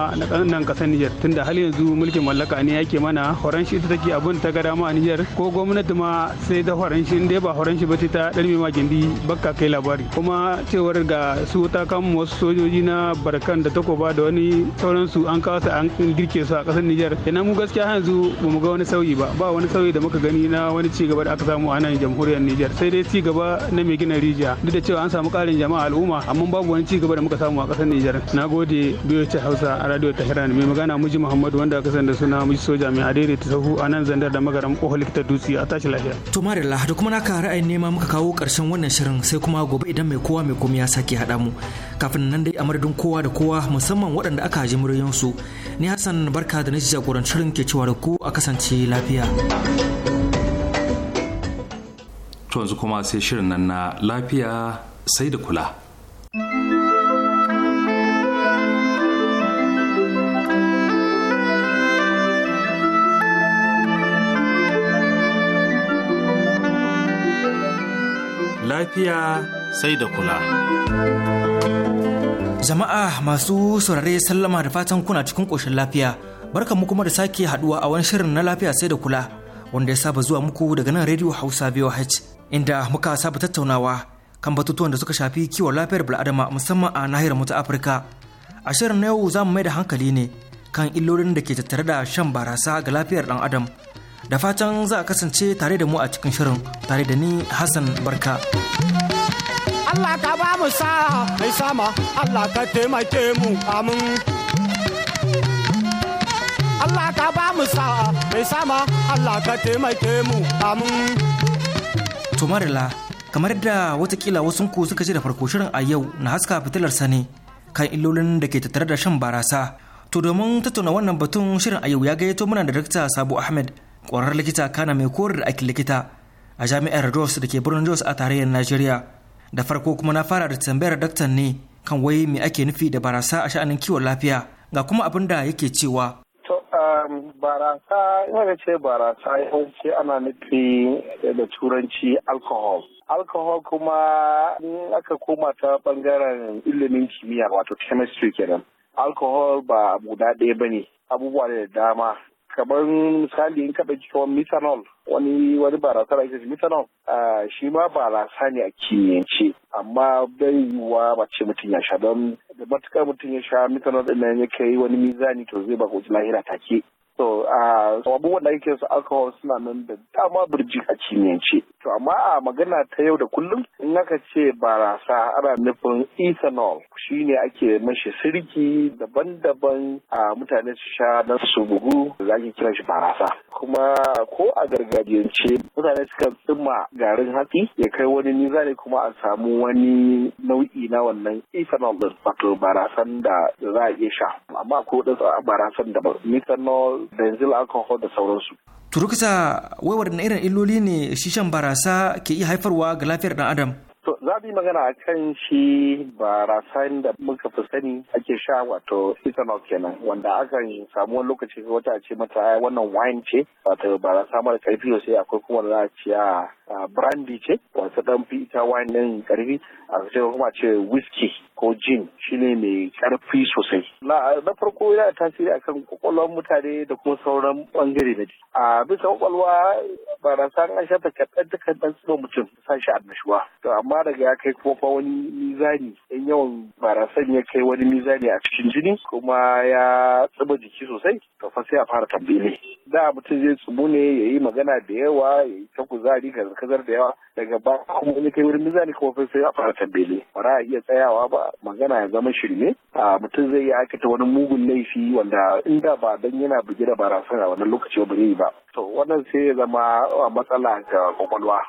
nan kasar nijar tunda har yanzu mulkin mallaka ne yake mana horon shi ita take abin ta ga dama a Nijar ko gwamnati ma sai ta horon shi dai ba horon shi ba ta dalmi ma gindi bakka kai labari kuma cewar ga su ta kan wasu sojoji na barkan da takoba da wani su an kawo su an girke su a kasar Nijar kenan mu gaskiya yanzu ba mu ga wani sauyi ba ba wani sauyi da muka gani na wani ci gaba da aka samu a nan jamhuriyar Nijar sai dai ci gaba na mai gina rijiya duk da cewa an samu karin jama'a al'umma amma babu wani ci gaba da muka samu a kasar Nijar nagode biyo ta Hausa a radio Tehran mai magana muji Muhammad wanda aka sanda da suna mu ji soja mai ta sahu a nan zandar da magaram ƙofar likita dutse a tashi lafiya. to marilla da kuma naka ra'ayin nema muka kawo ƙarshen wannan shirin sai kuma gobe idan mai kowa mai komai ya sake haɗa mu kafin nan dai a madadin kowa da kowa musamman waɗanda aka ji muryansu ni hassan barka da na shirin ke cewa da ku a kasance lafiya. to yanzu kuma sai shirin nan na lafiya sai da kula. lafiya sai da kula. Jama'a masu saurare sallama da fatan kuna cikin ƙoshin lafiya. Barkan mu kuma da sake haɗuwa a wani shirin na lafiya sai da kula wanda ya saba zuwa muku daga nan Radio Hausa VOH inda muka saba tattaunawa kan batutuwan da suka shafi kiwon lafiyar bil'adama musamman a nahiyar mu ta Afirka. A shirin na yau za mu mai da hankali ne kan illolin da ke tattare da shan barasa ga lafiyar ɗan adam. da fatan za a kasance tare da mu a cikin shirin tare da ni Hassan Barka. Allah ka ba mu sa mai sama Allah ka taimake mu amin. Allah ka ba mu sa mai sama Allah ka taimake mu amin. To marila kamar da watakila wasu ku suka ji da farko shirin a yau na haska fitilar sane kan illolin da ke tattare da shan barasa. To domin tattauna wannan batun shirin a yau ya gayyato muna da Dr. Sabo Ahmed ƙwararren likita kana mai koyar da aikin likita a jami'ar jos da ke birnin jos a tarayyar najeriya da farko kuma na fara da tambayar daktan ne kan wai me ake nufi da barasa a sha'anin kiwon lafiya ga kuma abin da yake cewa um, barasa ina da ce barasa yawanci ana nufi da turanci alcohol alcohol kuma in aka koma ta bangaren ilimin kimiyya wato chemistry kenan alcohol ba guda ɗaya ba ne abubuwa da dama kamar misali in ka cikin kamar methanol wani wani barasa da ake methanol shi ma barasa ne a kimiyyance amma bai yiwuwa ba ce mutum ya sha don da matukar mutum ya sha methanol ɗin nan ya kai wani mizani to zai ba ko lahira take Uh, so, abubuwan da ake su alcohol suna nan da dama birji a cinyance. To, amma a magana ta yau da kullum in aka ce barasa ana nufin ethanol shi ne ake mashi sirki daban-daban a mutane su sha na su bugu za ki kira shi barasa. Kuma ko a gargajiyance mutane suka tsima garin hatsi ya kai wani zane kuma a samu wani nau'i na wannan ethanol din wato barasan da za a iya sha. Amma ko barasan da ethanol benzil alcohol da sauransu turuksa waiwar irin illoli ne shi shan barasa ke iya haifarwa ga lafiyar ɗan adam To za bi magana a kan shi barasan da muka fi sani ake sha wato ethanol kenan wanda aka samu wani lokaci wata ce mata wannan wine ce wato barasa mara karfi sai akwai kuma za a ce a ah, ah, brandy ce wato dan fi ita wine din karfi sai kuma ce whisky ko gin shine mai karfi sosai na farko yana tasiri akan kwakwalwar mutane da kuma sauran ɓangare na jiki a bisa kwakwalwa barasa an shafa kaɗan ta kaɗan tsiba mutum sa shi annashuwa to amma daga ya kai kuma fa wani mizani in yawan barasan ya kai wani mizani a cikin jini kuma ya tsiba jiki sosai to fa sai a fara ne. da mutum zai tsubu ne ya yi magana da yawa ya yi ta kuzari ga kazar da yawa daga ba kuma wani kai wurin mizani kuma fa sai a fara tambele ba za a iya tsayawa ba magana ya zama shirme a mutum zai yi aikata wani mugun laifi wanda inda ba dan yana buge da barasa a wannan lokaci ba yi ba to wannan sai ya zama a matsala ga kwakwalwa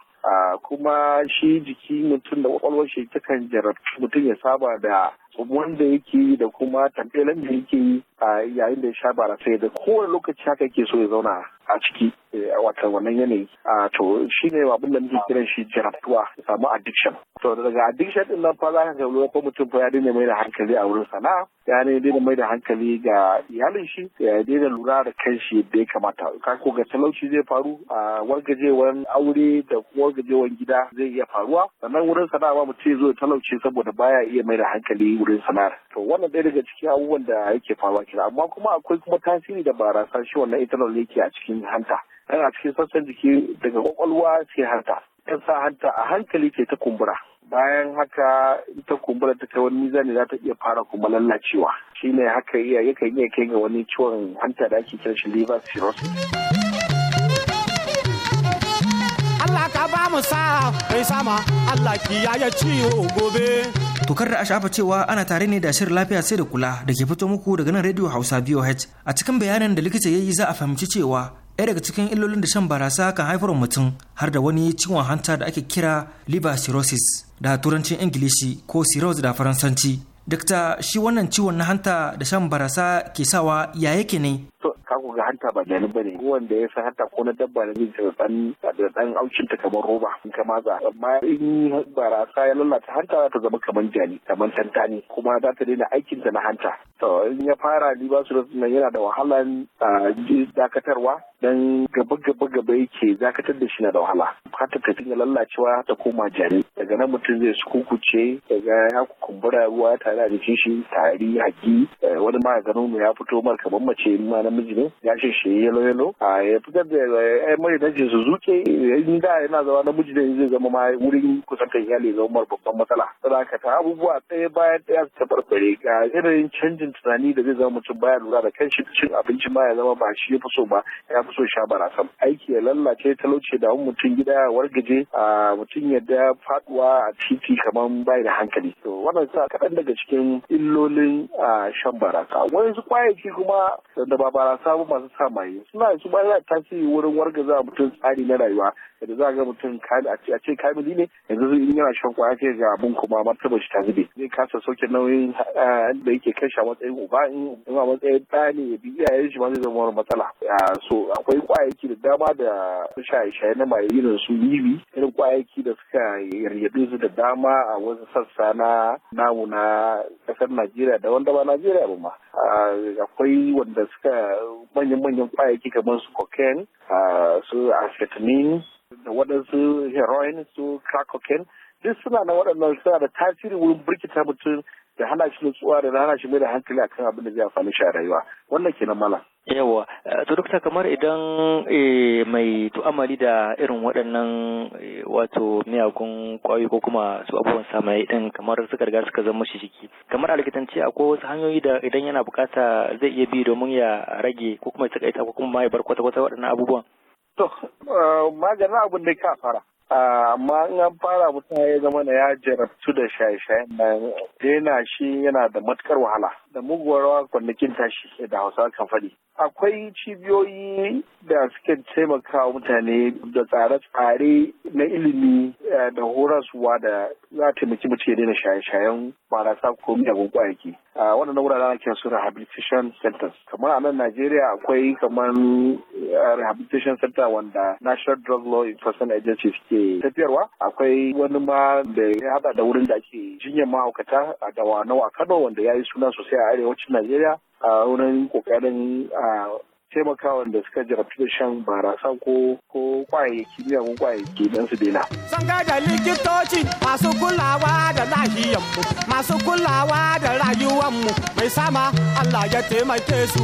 kuma shi jiki mutum da kwakwalwar shi kan jarabci mutum ya saba da wanda yake yi da kuma tamfelan da yake yi a yayin da ya sha barasa da kowane lokaci haka ke so ya zauna a ciki a eh, wata wannan yanayi a to shi ne abin da muke kiran shi jaratuwa samu addiction to daga addiction din nan fa za ka kalli ko mutum fa ya daina mai da hankali a wurin sana'a ya ne daina mai da hankali ga iyalin shi ya daina lura da kan shi da ya kamata ka ko ga talauci zai faru a wargajewan aure da wargajewan gida zai iya faruwa sannan wurin sana'a ba mutum zo ya talauce saboda baya iya mai da hankali wurin sana'ar to wannan dai daga cikin abubuwan da yake faruwa kira amma kuma akwai kuma tasiri da barasa shi wannan ita ne yake a cikin mai hanta yana cikin sassan jiki daga kwakwalwa ke hanta yan sa hanta a hankali ke ta kumbura bayan haka ta kumbura ta kai wani mizani za ta iya fara kuma lallacewa shine haka iya yakan iya kai ga wani ciwon hanta da ake kiran shi liver cirrhosis Allah ka ba mu sa kai sama Allah ya ya ciwo gobe. Tukar da a shafa cewa ana tare ne da shirin lafiya sai da kula da ke fito muku daga nan Radio Hausa BOH. A cikin bayanan da likita ya yi za a fahimci cewa ɗaya daga cikin illolin da shan barasa kan haifar mutum har da wani ciwon hanta da ake kira liver cirrhosis da turancin ingilishi ko cirrhosis da faransanci dakta shi wannan ciwon na hanta da shan barasa ke sawa ya yake ne to ka ku ga hanta ba ganin bane wanda ya san hanta ko na dabba da zai dan da dan aucin ta kamar roba in ka maza amma in barasa ya lalata hanta za ta zama kamar jani kamar tantani kuma za ta daina aikin ta na hanta to in ya fara ni, b'a su na yana da wahalan dakatarwa dan gaba gaba gaba yake dakatar da shi na da wahala hata ta ya lallacewa ta koma jari daga nan mutum zai su kukuce daga ya kumbura ruwa tare da jikin shi tari haki eh, wani ma ya gano ya fito mar kamar mace ma namiji ne gashin shi yalo yalo a ya fitar da ai eh, mai eh, da shi su zuke in da yana zama namiji ne zai zama ma wurin kusantar iyali zama babban matsala saboda ta abubuwa ɗaya bayan ɗaya ta barbare ga yanayin canjin tunani da zai zama mutum baya lura da shi cin abinci ma ya zama ba shi ya fi so ba ya fi so sha barasan aiki ya lallace talauce da mutum gida ya wargaje a mutum ya da faduwa a titi kamar bai da hankali to wannan sa kaɗan daga cikin illolin shan barasa wani su kwayaki kuma da ba barasa ba masu sa maye suna su ba za tasiri wurin wargaza mutum tsari na rayuwa yadda za ga mutum a ce kamili ne yanzu in yana shan kwaya sai ga abin kuma martaba shi ta zube zai kasa sauke nauyin eh, da yake kai shi matsayin uba in a matsayin ɗa ne ya bi iyayen shi ma zai zama wani matsala so akwai kwayaki da dama da shaye-shaye na maye irin su yiwi irin kwayaki da suka yarjebe su da dama a wasu sassa na namu na ƙasar Najeriya da wanda ba Najeriya ba ma akwai wanda suka manyan-manyan kwayaki kamar su cocaine su acetamin da waɗansu heroin su crack cocaine duk suna na waɗannan suna da tasiri wurin birkita mutum da hana shi nutsuwa da hana shi mai da hankali akan abin da zai amfani shi a rayuwa wannan kenan malam yawa eh, to dokta kamar idan eh, mai tu'amali da irin waɗannan eh, wato miyagun ƙwayoyi ko kuma su abubuwan samaye din kamar suka riga suka zama shi jiki kamar a likitanci akwai wasu hanyoyi da idan yana bukata zai iya bi domin ya rage ko kuma ya tsakaita ko kuma ya bar kwata-kwata waɗannan abubuwan to maganin abin da ka fara amma in an fara mutum ya zama na ya jarabtu da shaye shaye na. Dena shi yana da matukar wahala da muguwar kwanakin tashi da hausa kan faɗi akwai cibiyoyi da suke taimakawa mutane da tsare-tsare na ilimi eh, da horaswa da za a taimaki mace ya daina shaye-shayen barasa ko miyagun kwayaki a wannan wuraren ake su rehabilitation centers kamar a nan najeriya akwai kamar eh, rehabilitation center wanda national drug law enforcement agency suke tafiyarwa akwai wani ma da ya hada da wurin da ake jinyar mahaukata a dawanau a kano wanda ya yi suna sosai a arewacin najeriya a wurin kokarin a taimakawa da suka jarabtu da shan barasa ko ko kwayayyaki miyagun kwayayyaki don su daina. Sun da likitoci masu kulawa da lahiyanmu masu kulawa da rayuwanmu mai sama Allah ya taimake su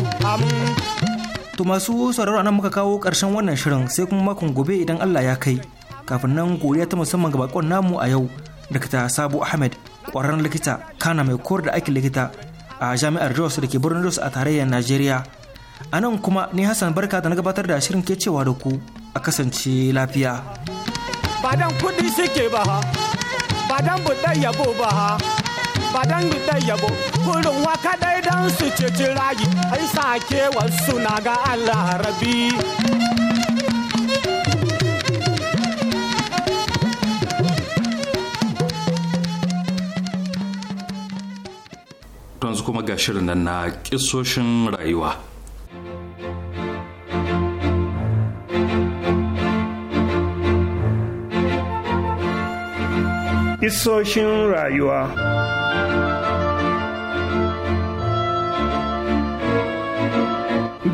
To masu sauraro nan muka kawo ƙarshen wannan shirin sai kuma makon gobe idan Allah ya kai. Kafin nan godiya ta musamman ga bakon namu a yau, Dakta sabu Ahmed, ƙwararren likita, kana mai kor da aikin likita a jami'ar Jos da ke birnin Jos a tarayyar Najeriya. A nan kuma ni Hassan barka da na gabatar da shirin ke cewa da ku a kasance lafiya. Badan kudi suke ba ha, badan budan yabo ba ha, badan budan yabo, kurin waka dai don su ceci rayu, ai sake wasu na ga Allah rabi. kuma ga shirin nan na kisoshin rayuwa. Kisoshin rayuwa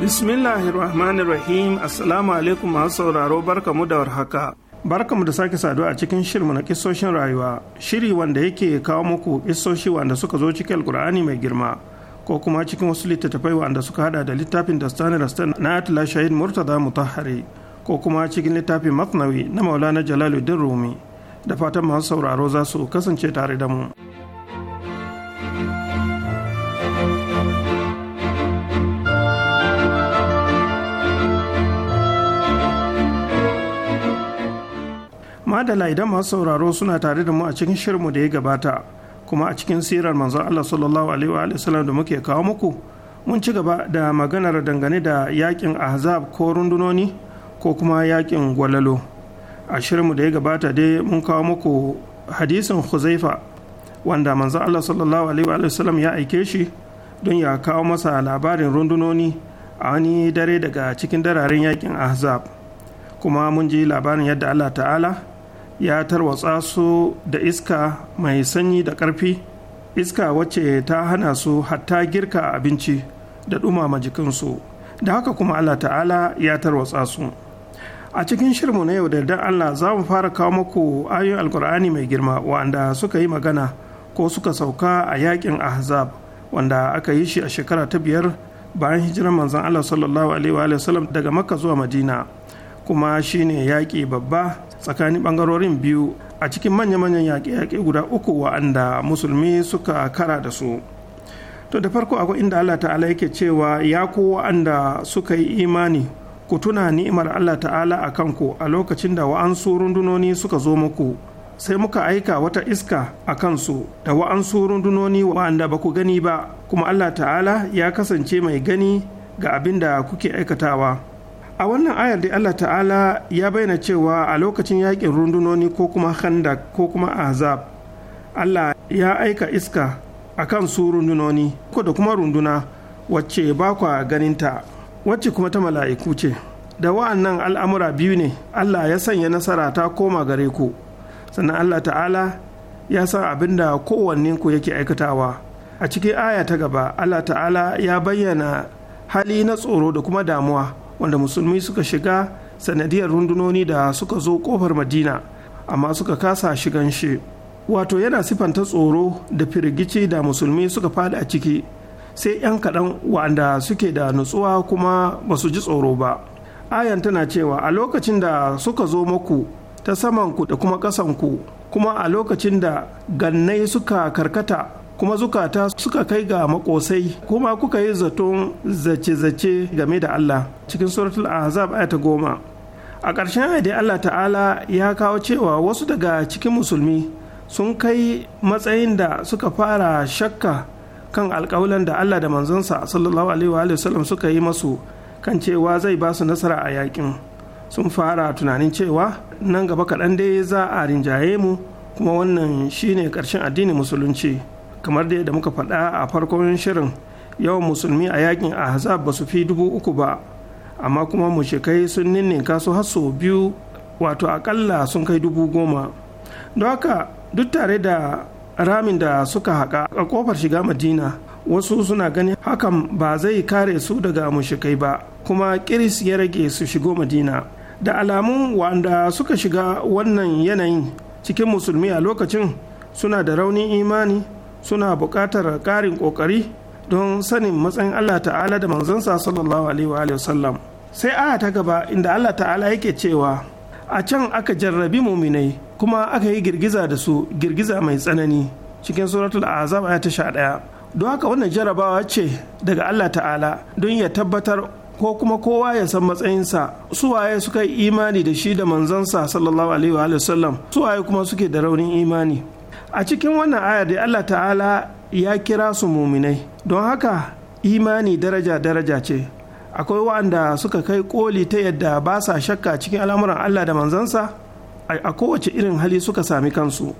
Bismillahirrahmanirrahim Assalamu alaikum masu sauraro barkamu da warhaka. mu da sake saduwa a cikin shirmu na kisoshin rayuwa shiri wanda yake kawo muku kisoshi wanda suka zo cikin alkur'ani mai girma ko kuma cikin wasu littattafai wanda suka hada da littafin da dastani rastan na atila shahid murtaza mutahari ko kuma cikin littafin masnawi na maulana jalaluddin rumi da fatan masu sauraro za su kasance tare da mu. madala idan masu sauraro suna tare da mu a cikin shirinmu da ya gabata kuma a cikin sirar manzon Allah sallallahu alaihi wa sallam da muke kawo muku mun ci gaba da maganar dangane da yakin ahzab ko rundunoni ko kuma yakin gwalalo a shirinmu da ya gabata dai mun kawo muku hadisin huzaifa wanda manzon Allah sallallahu alaihi wa sallam ya aike shi don ya kawo masa labarin rundunoni a wani dare daga cikin dararen yakin ahzab kuma mun ji labarin yadda Allah ta'ala ya tarwatsa su da iska mai sanyi da ƙarfi iska wacce ta hana su hatta girka abinci da ɗumama jikinsu da haka kuma allah ta'ala ya tarwatsa su a cikin shirmu na yau da dan allah za mu fara kawo muku ayoyin alkur'ani mai girma wanda suka yi magana ko suka sauka a yakin ahzab wanda aka yi shi a shekara ta biyar bayan hijirar manzon allah sallallahu alaihi wa daga makka zuwa madina kuma shine yaƙi babba tsakanin ɓangarorin biyu a cikin manya-manyan yaƙe-yaƙe guda uku wa'anda musulmi suka kara da su to da farko akwai inda allah ta'ala yake cewa ya ku wa'anda suka yi imani ku tuna ni'imar allah ta'ala a kanku a lokacin da wa'ansu rundunoni suka zo muku sai muka aika wata iska a kansu da wa'ansu rundunoni wa'anda ba ku gani ba kuma allah ta'ala ya kasance mai gani ga abin da kuke aikatawa a wannan ayar da Allah ta'ala ya bayyana cewa a lokacin yakin rundunoni ko kuma handa ko kuma azab Allah ya aika iska a kan su rundunoni ko da kuma runduna wacce ba kwa ganinta wacce kuma ta mala'iku ce da wa'annan al'amura biyu ne Allah ya sanya nasara ta koma gare ku sannan Allah ta'ala ya san abin da kowanninku yake aikatawa a cikin aya ta gaba Allah ta'ala ya bayyana hali na tsoro da kuma damuwa wanda musulmi suka shiga sanadiyar rundunoni da suka zo kofar madina amma suka kasa shigan shi wato yana sifanta tsoro da firgici da musulmi suka fada a ciki sai 'yan kaɗan wa'anda suke da nutsuwa kuma ba su ji tsoro ba ayan tana cewa a lokacin da suka zo maku ta saman ku da kuma ƙasanku kuma a lokacin da gannai suka karkata kuma zukata suka kai ga makosai kuma kuka yi zaton zace-zace game da Allah cikin suratul ahzab aya ta goma a ƙarshen aya Allah ta'ala ya kawo cewa wasu daga cikin musulmi sun kai matsayin da suka fara shakka kan alƙawalan da Allah da manzansa sallallahu alaihi wa sallam suka yi masu kan cewa zai ba su nasara a yakin sun fara tunanin cewa nan gaba kaɗan dai za a rinjaye mu kuma wannan shine ƙarshen addinin musulunci. kamar da muka faɗa a farkon shirin yawan musulmi a yakin ahzab ba su fi dubu uku ba amma kuma mushrikai sun ninne kasu har sau biyu wato akalla sun kai dubu goma don haka duk tare da ramin da suka haƙa a ƙofar shiga madina wasu suna ganin hakan ba zai kare su daga mushikai ba kuma kiris ya rage su shigo madina da alamun wanda suka shiga wannan yanayin cikin musulmi a lokacin suna da raunin imani suna buƙatar ƙarin ƙoƙari don sanin matsayin Allah ta'ala da manzansa sallallahu alaihi wasallam sai aya ta gaba inda Allah ta'ala yake cewa a can aka jarrabi muminai kuma aka yi girgiza da su girgiza mai tsanani cikin suratul azab aya ta 11 ɗaya don haka wannan jarrabawa ce daga Allah ta'ala don ya tabbatar ko kuma kowa ya san matsayinsa su waye suka yi imani da shi da manzansa sallallahu alaihi wasallam suwaye kuma suke da raunin imani a cikin wannan ayar da Allah ta'ala ya kira su muminai don haka imani daraja-daraja ce akwai wa'anda suka kai koli ta yadda ba sa shakka cikin al'amuran Allah da manzansa a kowace irin hali suka sami kansu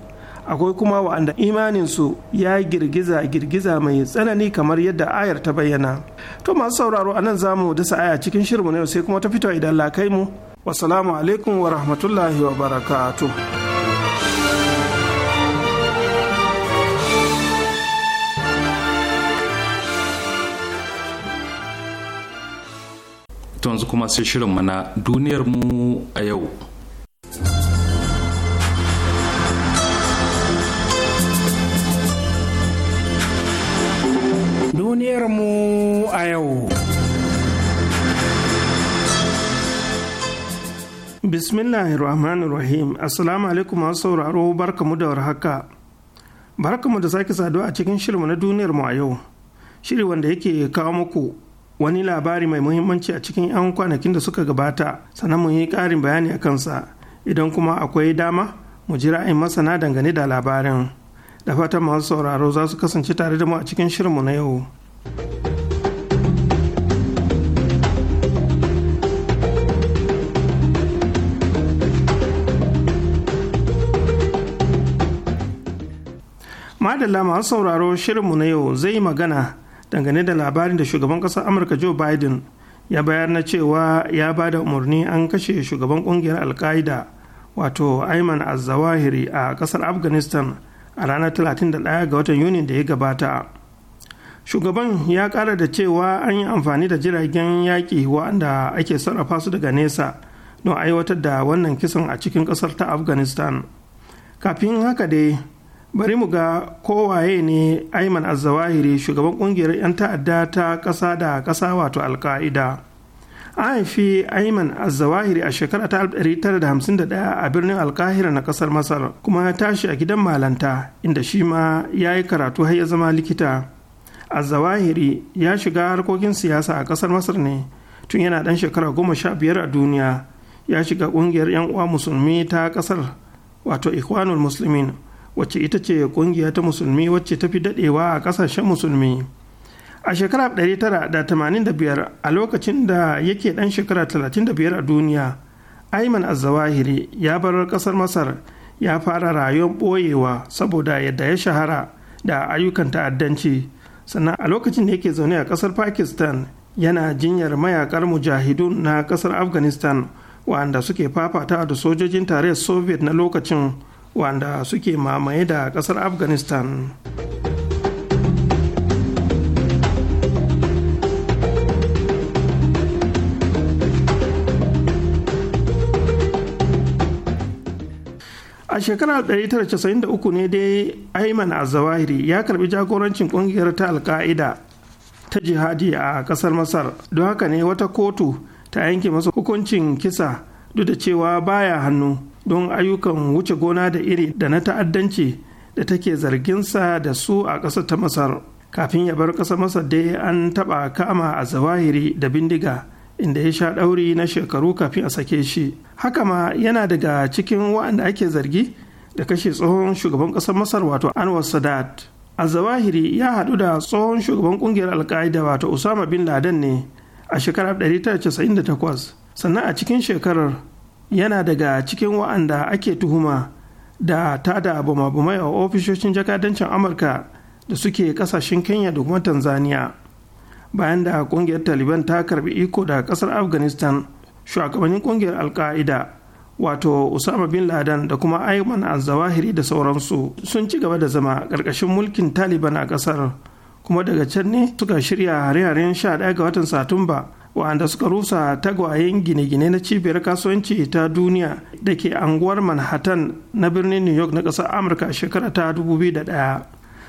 akwai kuma wa'anda imaninsu ya girgiza girgiza mai tsanani kamar yadda ayar ta bayyana to masu sauraro a nan zamu dasa aya cikin shirmu na yau sai kuma ta fito idan lakai mu wasalamu alaikum wa rahmatullahi wa barakatuh kuma sai shirin mana duniyar mu a yau duniyar mu a yau bismillahir rahmanir rahim assalamu alaikum masu sauraro barkamu da warhaka barkamu da sake saduwa a cikin mu na duniyar mu a yau shiri wanda yake kawo muku wani labari mai muhimmanci a cikin 'yan kwanakin da suka gabata sannan mu yi ƙarin bayani a kansa idan kuma akwai dama mu ji ra'ayin masana dangane da labarin da fatan masu sauraro za su kasance tare da mu a cikin shirinmu na yau madalla masu sauraro shirinmu na yau zai magana dangane da labarin da shugaban ƙasar amurka joe biden ya bayar na cewa ya ba da umarni an kashe shugaban ƙungiyar al-qaida wato ayman azawahiri a ƙasar afghanistan a ranar 31 ga watan yuni da ya gabata shugaban ya ƙara da cewa an yi amfani da jiragen yaƙi wanda ake sarrafa su daga nesa don aiwatar da wannan kisan a cikin ƙasar ta afghanistan kafin haka dai bari mu ga kowaye ne aiman azawahiri shugaban kungiyar 'yan ta'adda ta kasa da kasa wato alka'ida an haifi aiman azawahiri a shekara ta 1951 a birnin alkahira na kasar masar kuma ya tashi a gidan malanta inda shi ma ya yi karatu har ya zama likita azawahiri ya shiga harkokin siyasa a kasar masar ne tun yana dan shekara goma sha biyar a duniya ya shiga kungiyar 'yan uwa musulmi ta kasar wato ikhwanul muslimin wacce ita ce kungiya ta musulmi wacce ta fi dadewa a kasashen musulmi a shekara 1985 a lokacin da yake dan shekara 35 a duniya ayman azawahiri ya bar kasar masar ya fara rayuwar boyewa saboda yadda ya shahara da ayyukan ta'addanci sannan a lokacin da yake zaune a kasar pakistan yana jinyar mayakar mujahidun na kasar afghanistan wanda suke fafata da sojojin tarayyar soviet na lokacin wanda suke mamaye da kasar afghanistan a shekarar 1993 ne dai ayman zawahiri ya karbi jagorancin kungiyar ta alka'ida ta jihadi a kasar masar don haka ne wata kotu ta yanke masa hukuncin kisa duk da cewa baya hannu don ayyukan wuce gona da iri da na ta'addanci da take zarginsa da su a ƙasa ta masar kafin ya bar ƙasa masar dai an taɓa kama a zawahiri da bindiga inda ya sha ɗauri na shekaru kafin a sake shi haka ma yana daga cikin wa'anda ake zargi da kashe tsohon shugaban ƙasar masar wato anwar sadat a zawahiri ya haɗu da tsohon shugaban ƙungiyar alka'ida wato usama bin laden ne a shekarar 1998 sannan a cikin shekarar yana daga cikin wa'anda ake tuhuma da tada bama-bamai a ofishoshin jakadancin amurka da suke kasashen kenya da kuma tanzania bayan da kungiyar taliban ta karbi iko da kasar afghanistan shugabannin kungiyar alka'ida wato usama bin laden da kuma ayman al-zawahiri da sauransu sun ci gaba da zama karkashin mulkin taliban a ƙasar kuma daga can ne suka shirya hare-haren 11 ga watan satumba Wanda suka rusa tagwayen gine-gine na cibiyar kasuwanci ta duniya da ke anguwar manhattan na birnin new york na ƙasar amurka shekara ta 2001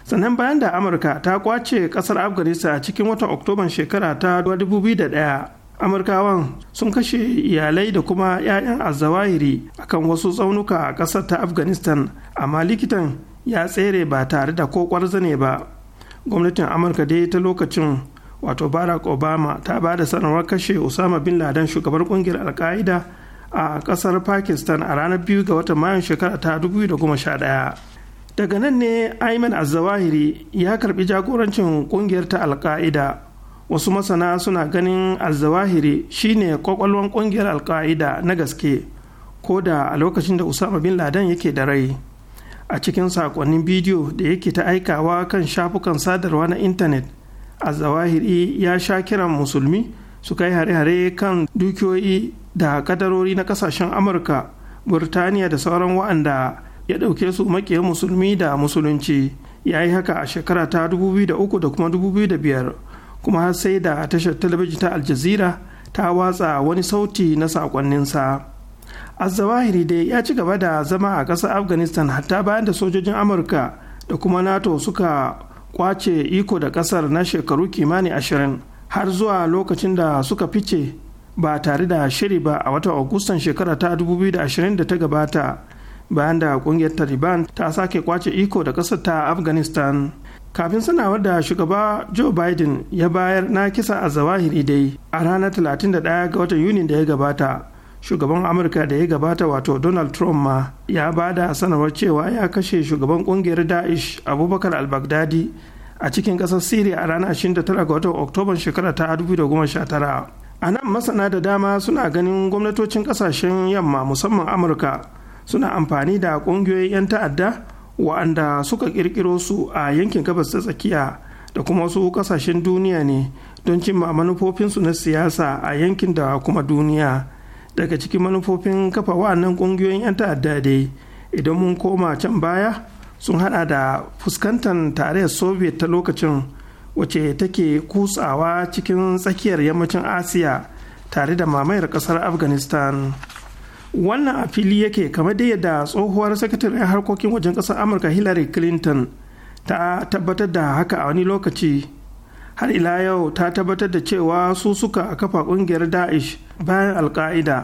sannan bayan da amurka ta kwace ƙasar afghanistan a cikin watan oktoban shekara ta 2001 amurkawan sun kashe iyalai da kuma 'ya'yan azawahiri akan wasu tsaunuka a ƙasar ta afghanistan amma likitan ya tsere ba tare da ko zane ba gwamnatin amurka dai ta lokacin wato barack obama ta ba da sanarwar kashe usama bin laden shugabar kungiyar alka'ida a kasar pakistan a ranar biyu ga watan mayan shekara ta 2011 daga nan ne ayman azawahiri ya karbi jagorancin kungiyar ta alka'ida wasu masana suna ganin azawahiri shine kwakwalwan kungiyar alka'ida na gaske ko da a lokacin da usama bin laden yake da rai a cikin sakonnin bidiyo da yake ta aikawa kan shafukan sadarwa na intanet a zawahiri ya sha kiran musulmi su kai hare-hare kan dukiyoyi da kadarori na kasashen amurka burtaniya da sauran wa'anda ya ɗauke su makiya musulmi da musulunci ya yi haka a shekara ta 2003 da kuma 2005 kuma har sai da tashar talabijin ta aljazira ta watsa wani sauti na saƙonninsa azawahiri dai ya ci gaba da zama a ƙasar afghanistan hatta bayan da sojojin amurka da kuma nato suka kwace iko da kasar na shekaru kimani ashirin har zuwa lokacin da suka fice ba tare da shiri ba a watan agustan shekara ta 2020 da ta gabata bayan da kungiyar taliban ta sake kwace iko da kasar ta afghanistan kafin sanawar da shugaba joe biden ya bayar na kisa a zawahiri dai a ranar 31 ga watan yuni da ya gabata shugaban amurka da ya gabata wato donald trump ma ya ba da sanarwar cewa ya kashe shugaban kungiyar daesh abubakar al-baghdadi a cikin kasar syria a ranar 29 ga watan oktoban shekara ta 2019 a nan masana da dama suna ganin gwamnatocin kasashen yamma musamman amurka suna amfani da kungiyoyin 'yan ta'adda wa'anda suka kirkiro su a yankin gabas ta tsakiya da kuma wasu kasashen duniya ne don cimma manufofinsu na siyasa a yankin da kuma duniya daga cikin manufofin kafa wa'annan ƙungiyoyin 'yan ta'adda dai idan mun koma can baya sun hada da fuskantar tarayyar soviet ta lokacin wacce take kutsawa cikin tsakiyar yammacin asiya tare da mamayar kasar afghanistan wannan a fili yake kamar dai yadda tsohuwar sakataren harkokin wajen ƙasar amurka hillary clinton ta tabbatar da haka a wani lokaci har ila yau ta tabbatar da cewa su suka kafa kungiyar da'ish bayan alka'ida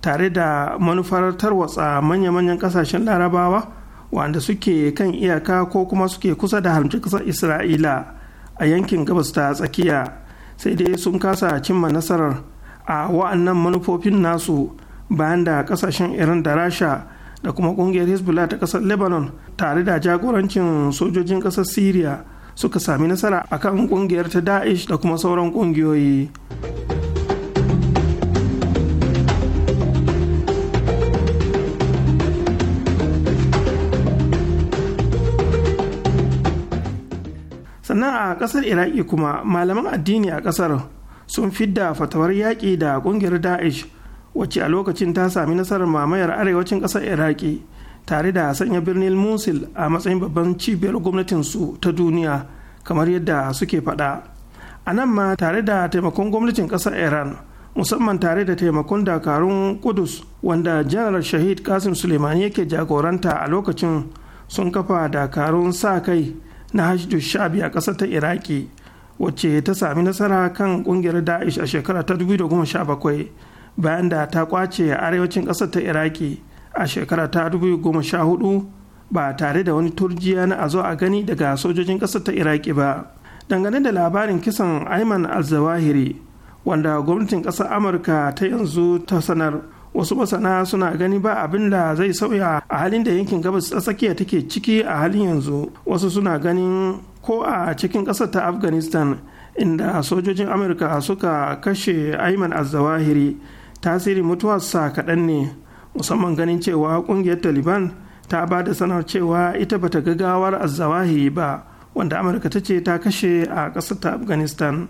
tare da manufar tarwatsa manya-manyan kasashen larabawa wanda suke kan iyaka ko kuma suke kusa da halmci kasar isra'ila a yankin gabas ta tsakiya sai dai sun kasa cimma nasarar a wa'annan manufofin nasu bayan da kasashen iran da rasha da kuma kungiyar hezbollah ta kasar lebanon tare da jagorancin sojojin kasar syria suka sami nasara akan kungiyar ta da'ish da kuma sauran kungiyoyi sannan a kasar iraki kuma malaman addini a ƙasar sun fidda fatawar yaƙi da kungiyar da'ish wacce a lokacin ta sami nasarar mamayar arewacin ƙasar iraki tare da sanya birnin musil a matsayin babban cibiyar gwamnatinsu ta duniya kamar yadda suke fada a nan ma tare da taimakon gwamnatin kasar iran musamman tare da taimakon dakarun kudus wanda janar shahid kasim suleimani yake jagoranta a lokacin sun kafa dakarun sa kai na hajjus shabi a ƙasar ta iraki wacce ta sami nasara kan kungiyar da'ish a shekara ta 2017 bayan da ta kwace a arewacin kasar ta iraki a shekara ta 2014 ba tare da wani turjiya na azo a gani daga sojojin ƙasar ta iraki ba dangane da labarin kisan ayman al-zawahiri wanda gwamnatin ƙasar amurka ta yanzu ta sanar wasu masana suna gani ba abin da zai sauya a halin da yankin gabas ta tsakiya take ciki a halin yanzu wasu suna ganin ko a cikin ƙasar ta afghanistan inda sojojin amurka suka kashe ayman al-zawahiri tasirin mutuwarsa kaɗan ne musamman ganin cewa kungiyar taliban ta ba da sanar cewa ita bata ga gawar azawahiri ba wanda amurka ta ce ta kashe a ƙasar ta afghanistan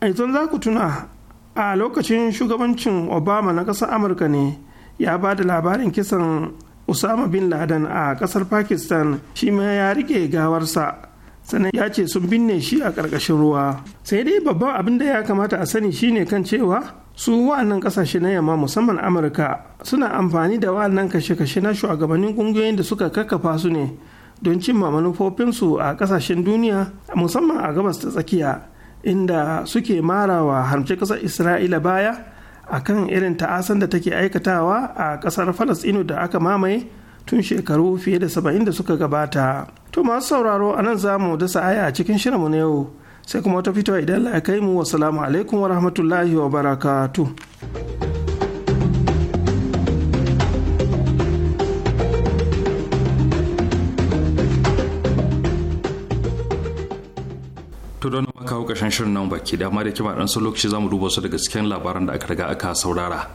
a za ku tuna a lokacin shugabancin obama na ƙasar amurka ne ya ba da labarin kisan usama bin laden a ƙasar pakistan shi ma ya rike gawarsa sannan ya ce sun binne shi a ƙarƙashin ruwa sai dai babban abin da ya kamata a sani shine kan cewa su wa'annan kasashe na yamma musamman amurka suna amfani da wa'annan kashe-kashe na shugabannin kungiyoyin da suka kakkafa su ne don cimma manufofinsu a kasashen duniya musamman a gabas ta tsakiya inda suke marawa harce kasar isra'ila baya a kan irin ta'asan da take aikatawa a kasar falastinu da aka mamaye tun shekaru fiye da saba'in da suka gabata to masu sauraro a nan za mu dasa aya a cikin shirinmu na yau sai kuma wata fitowa idan la kai mu wasalamu alaikum wa rahmatullahi wa barakatu. to don kawo shirin nan baki dama da kima ɗan sun lokaci za mu duba su daga cikin labaran da aka riga aka saurara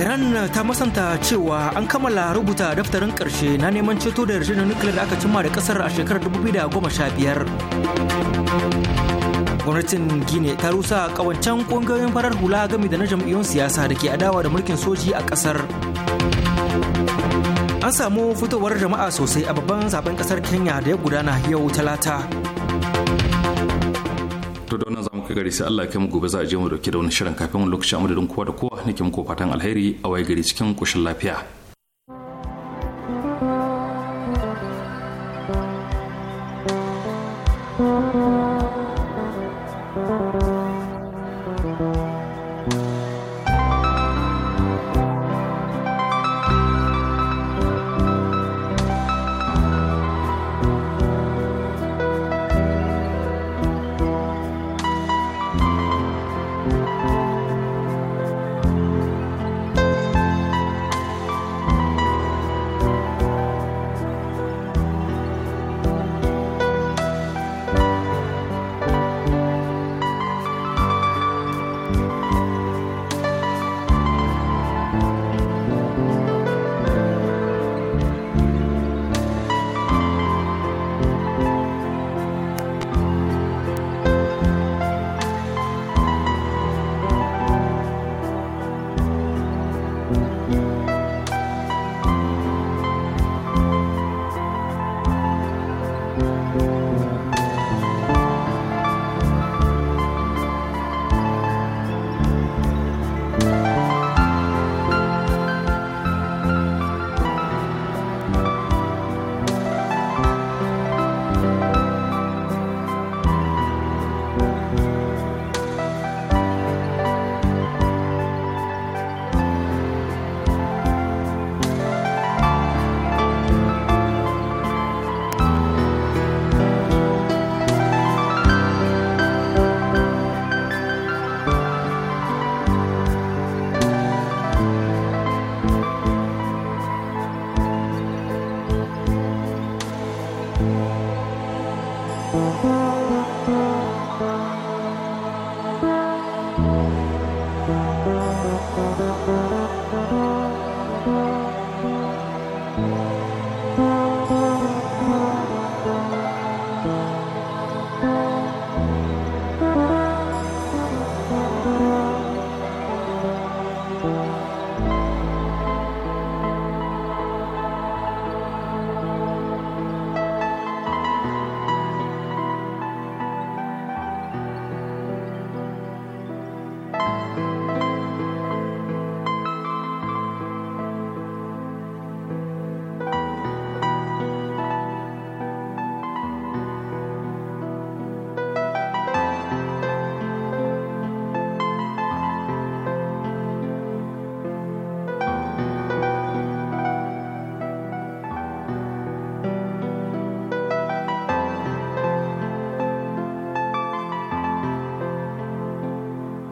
iran ta masanta cewa an kammala rubuta daftarin karshe na neman ceto da yarjejeniyar nukiliyar da aka cimma da kasar a shekarar 2015 gwamnatin gine ta rusa kawancen ƙungiyoyin farar hula gami da na jam'iyyun siyasa da ke adawa da mulkin soji a kasar an samu fitowar jama'a sosai a babban zaben kasar kenya da ya gudana yau talata kai gari sai Allah ya kai mu gobe za a je mu dauke da wani shirin kafin lokacin lokaci a madadin kowa da kowa nake muku fatan alheri a waye gari cikin koshin lafiya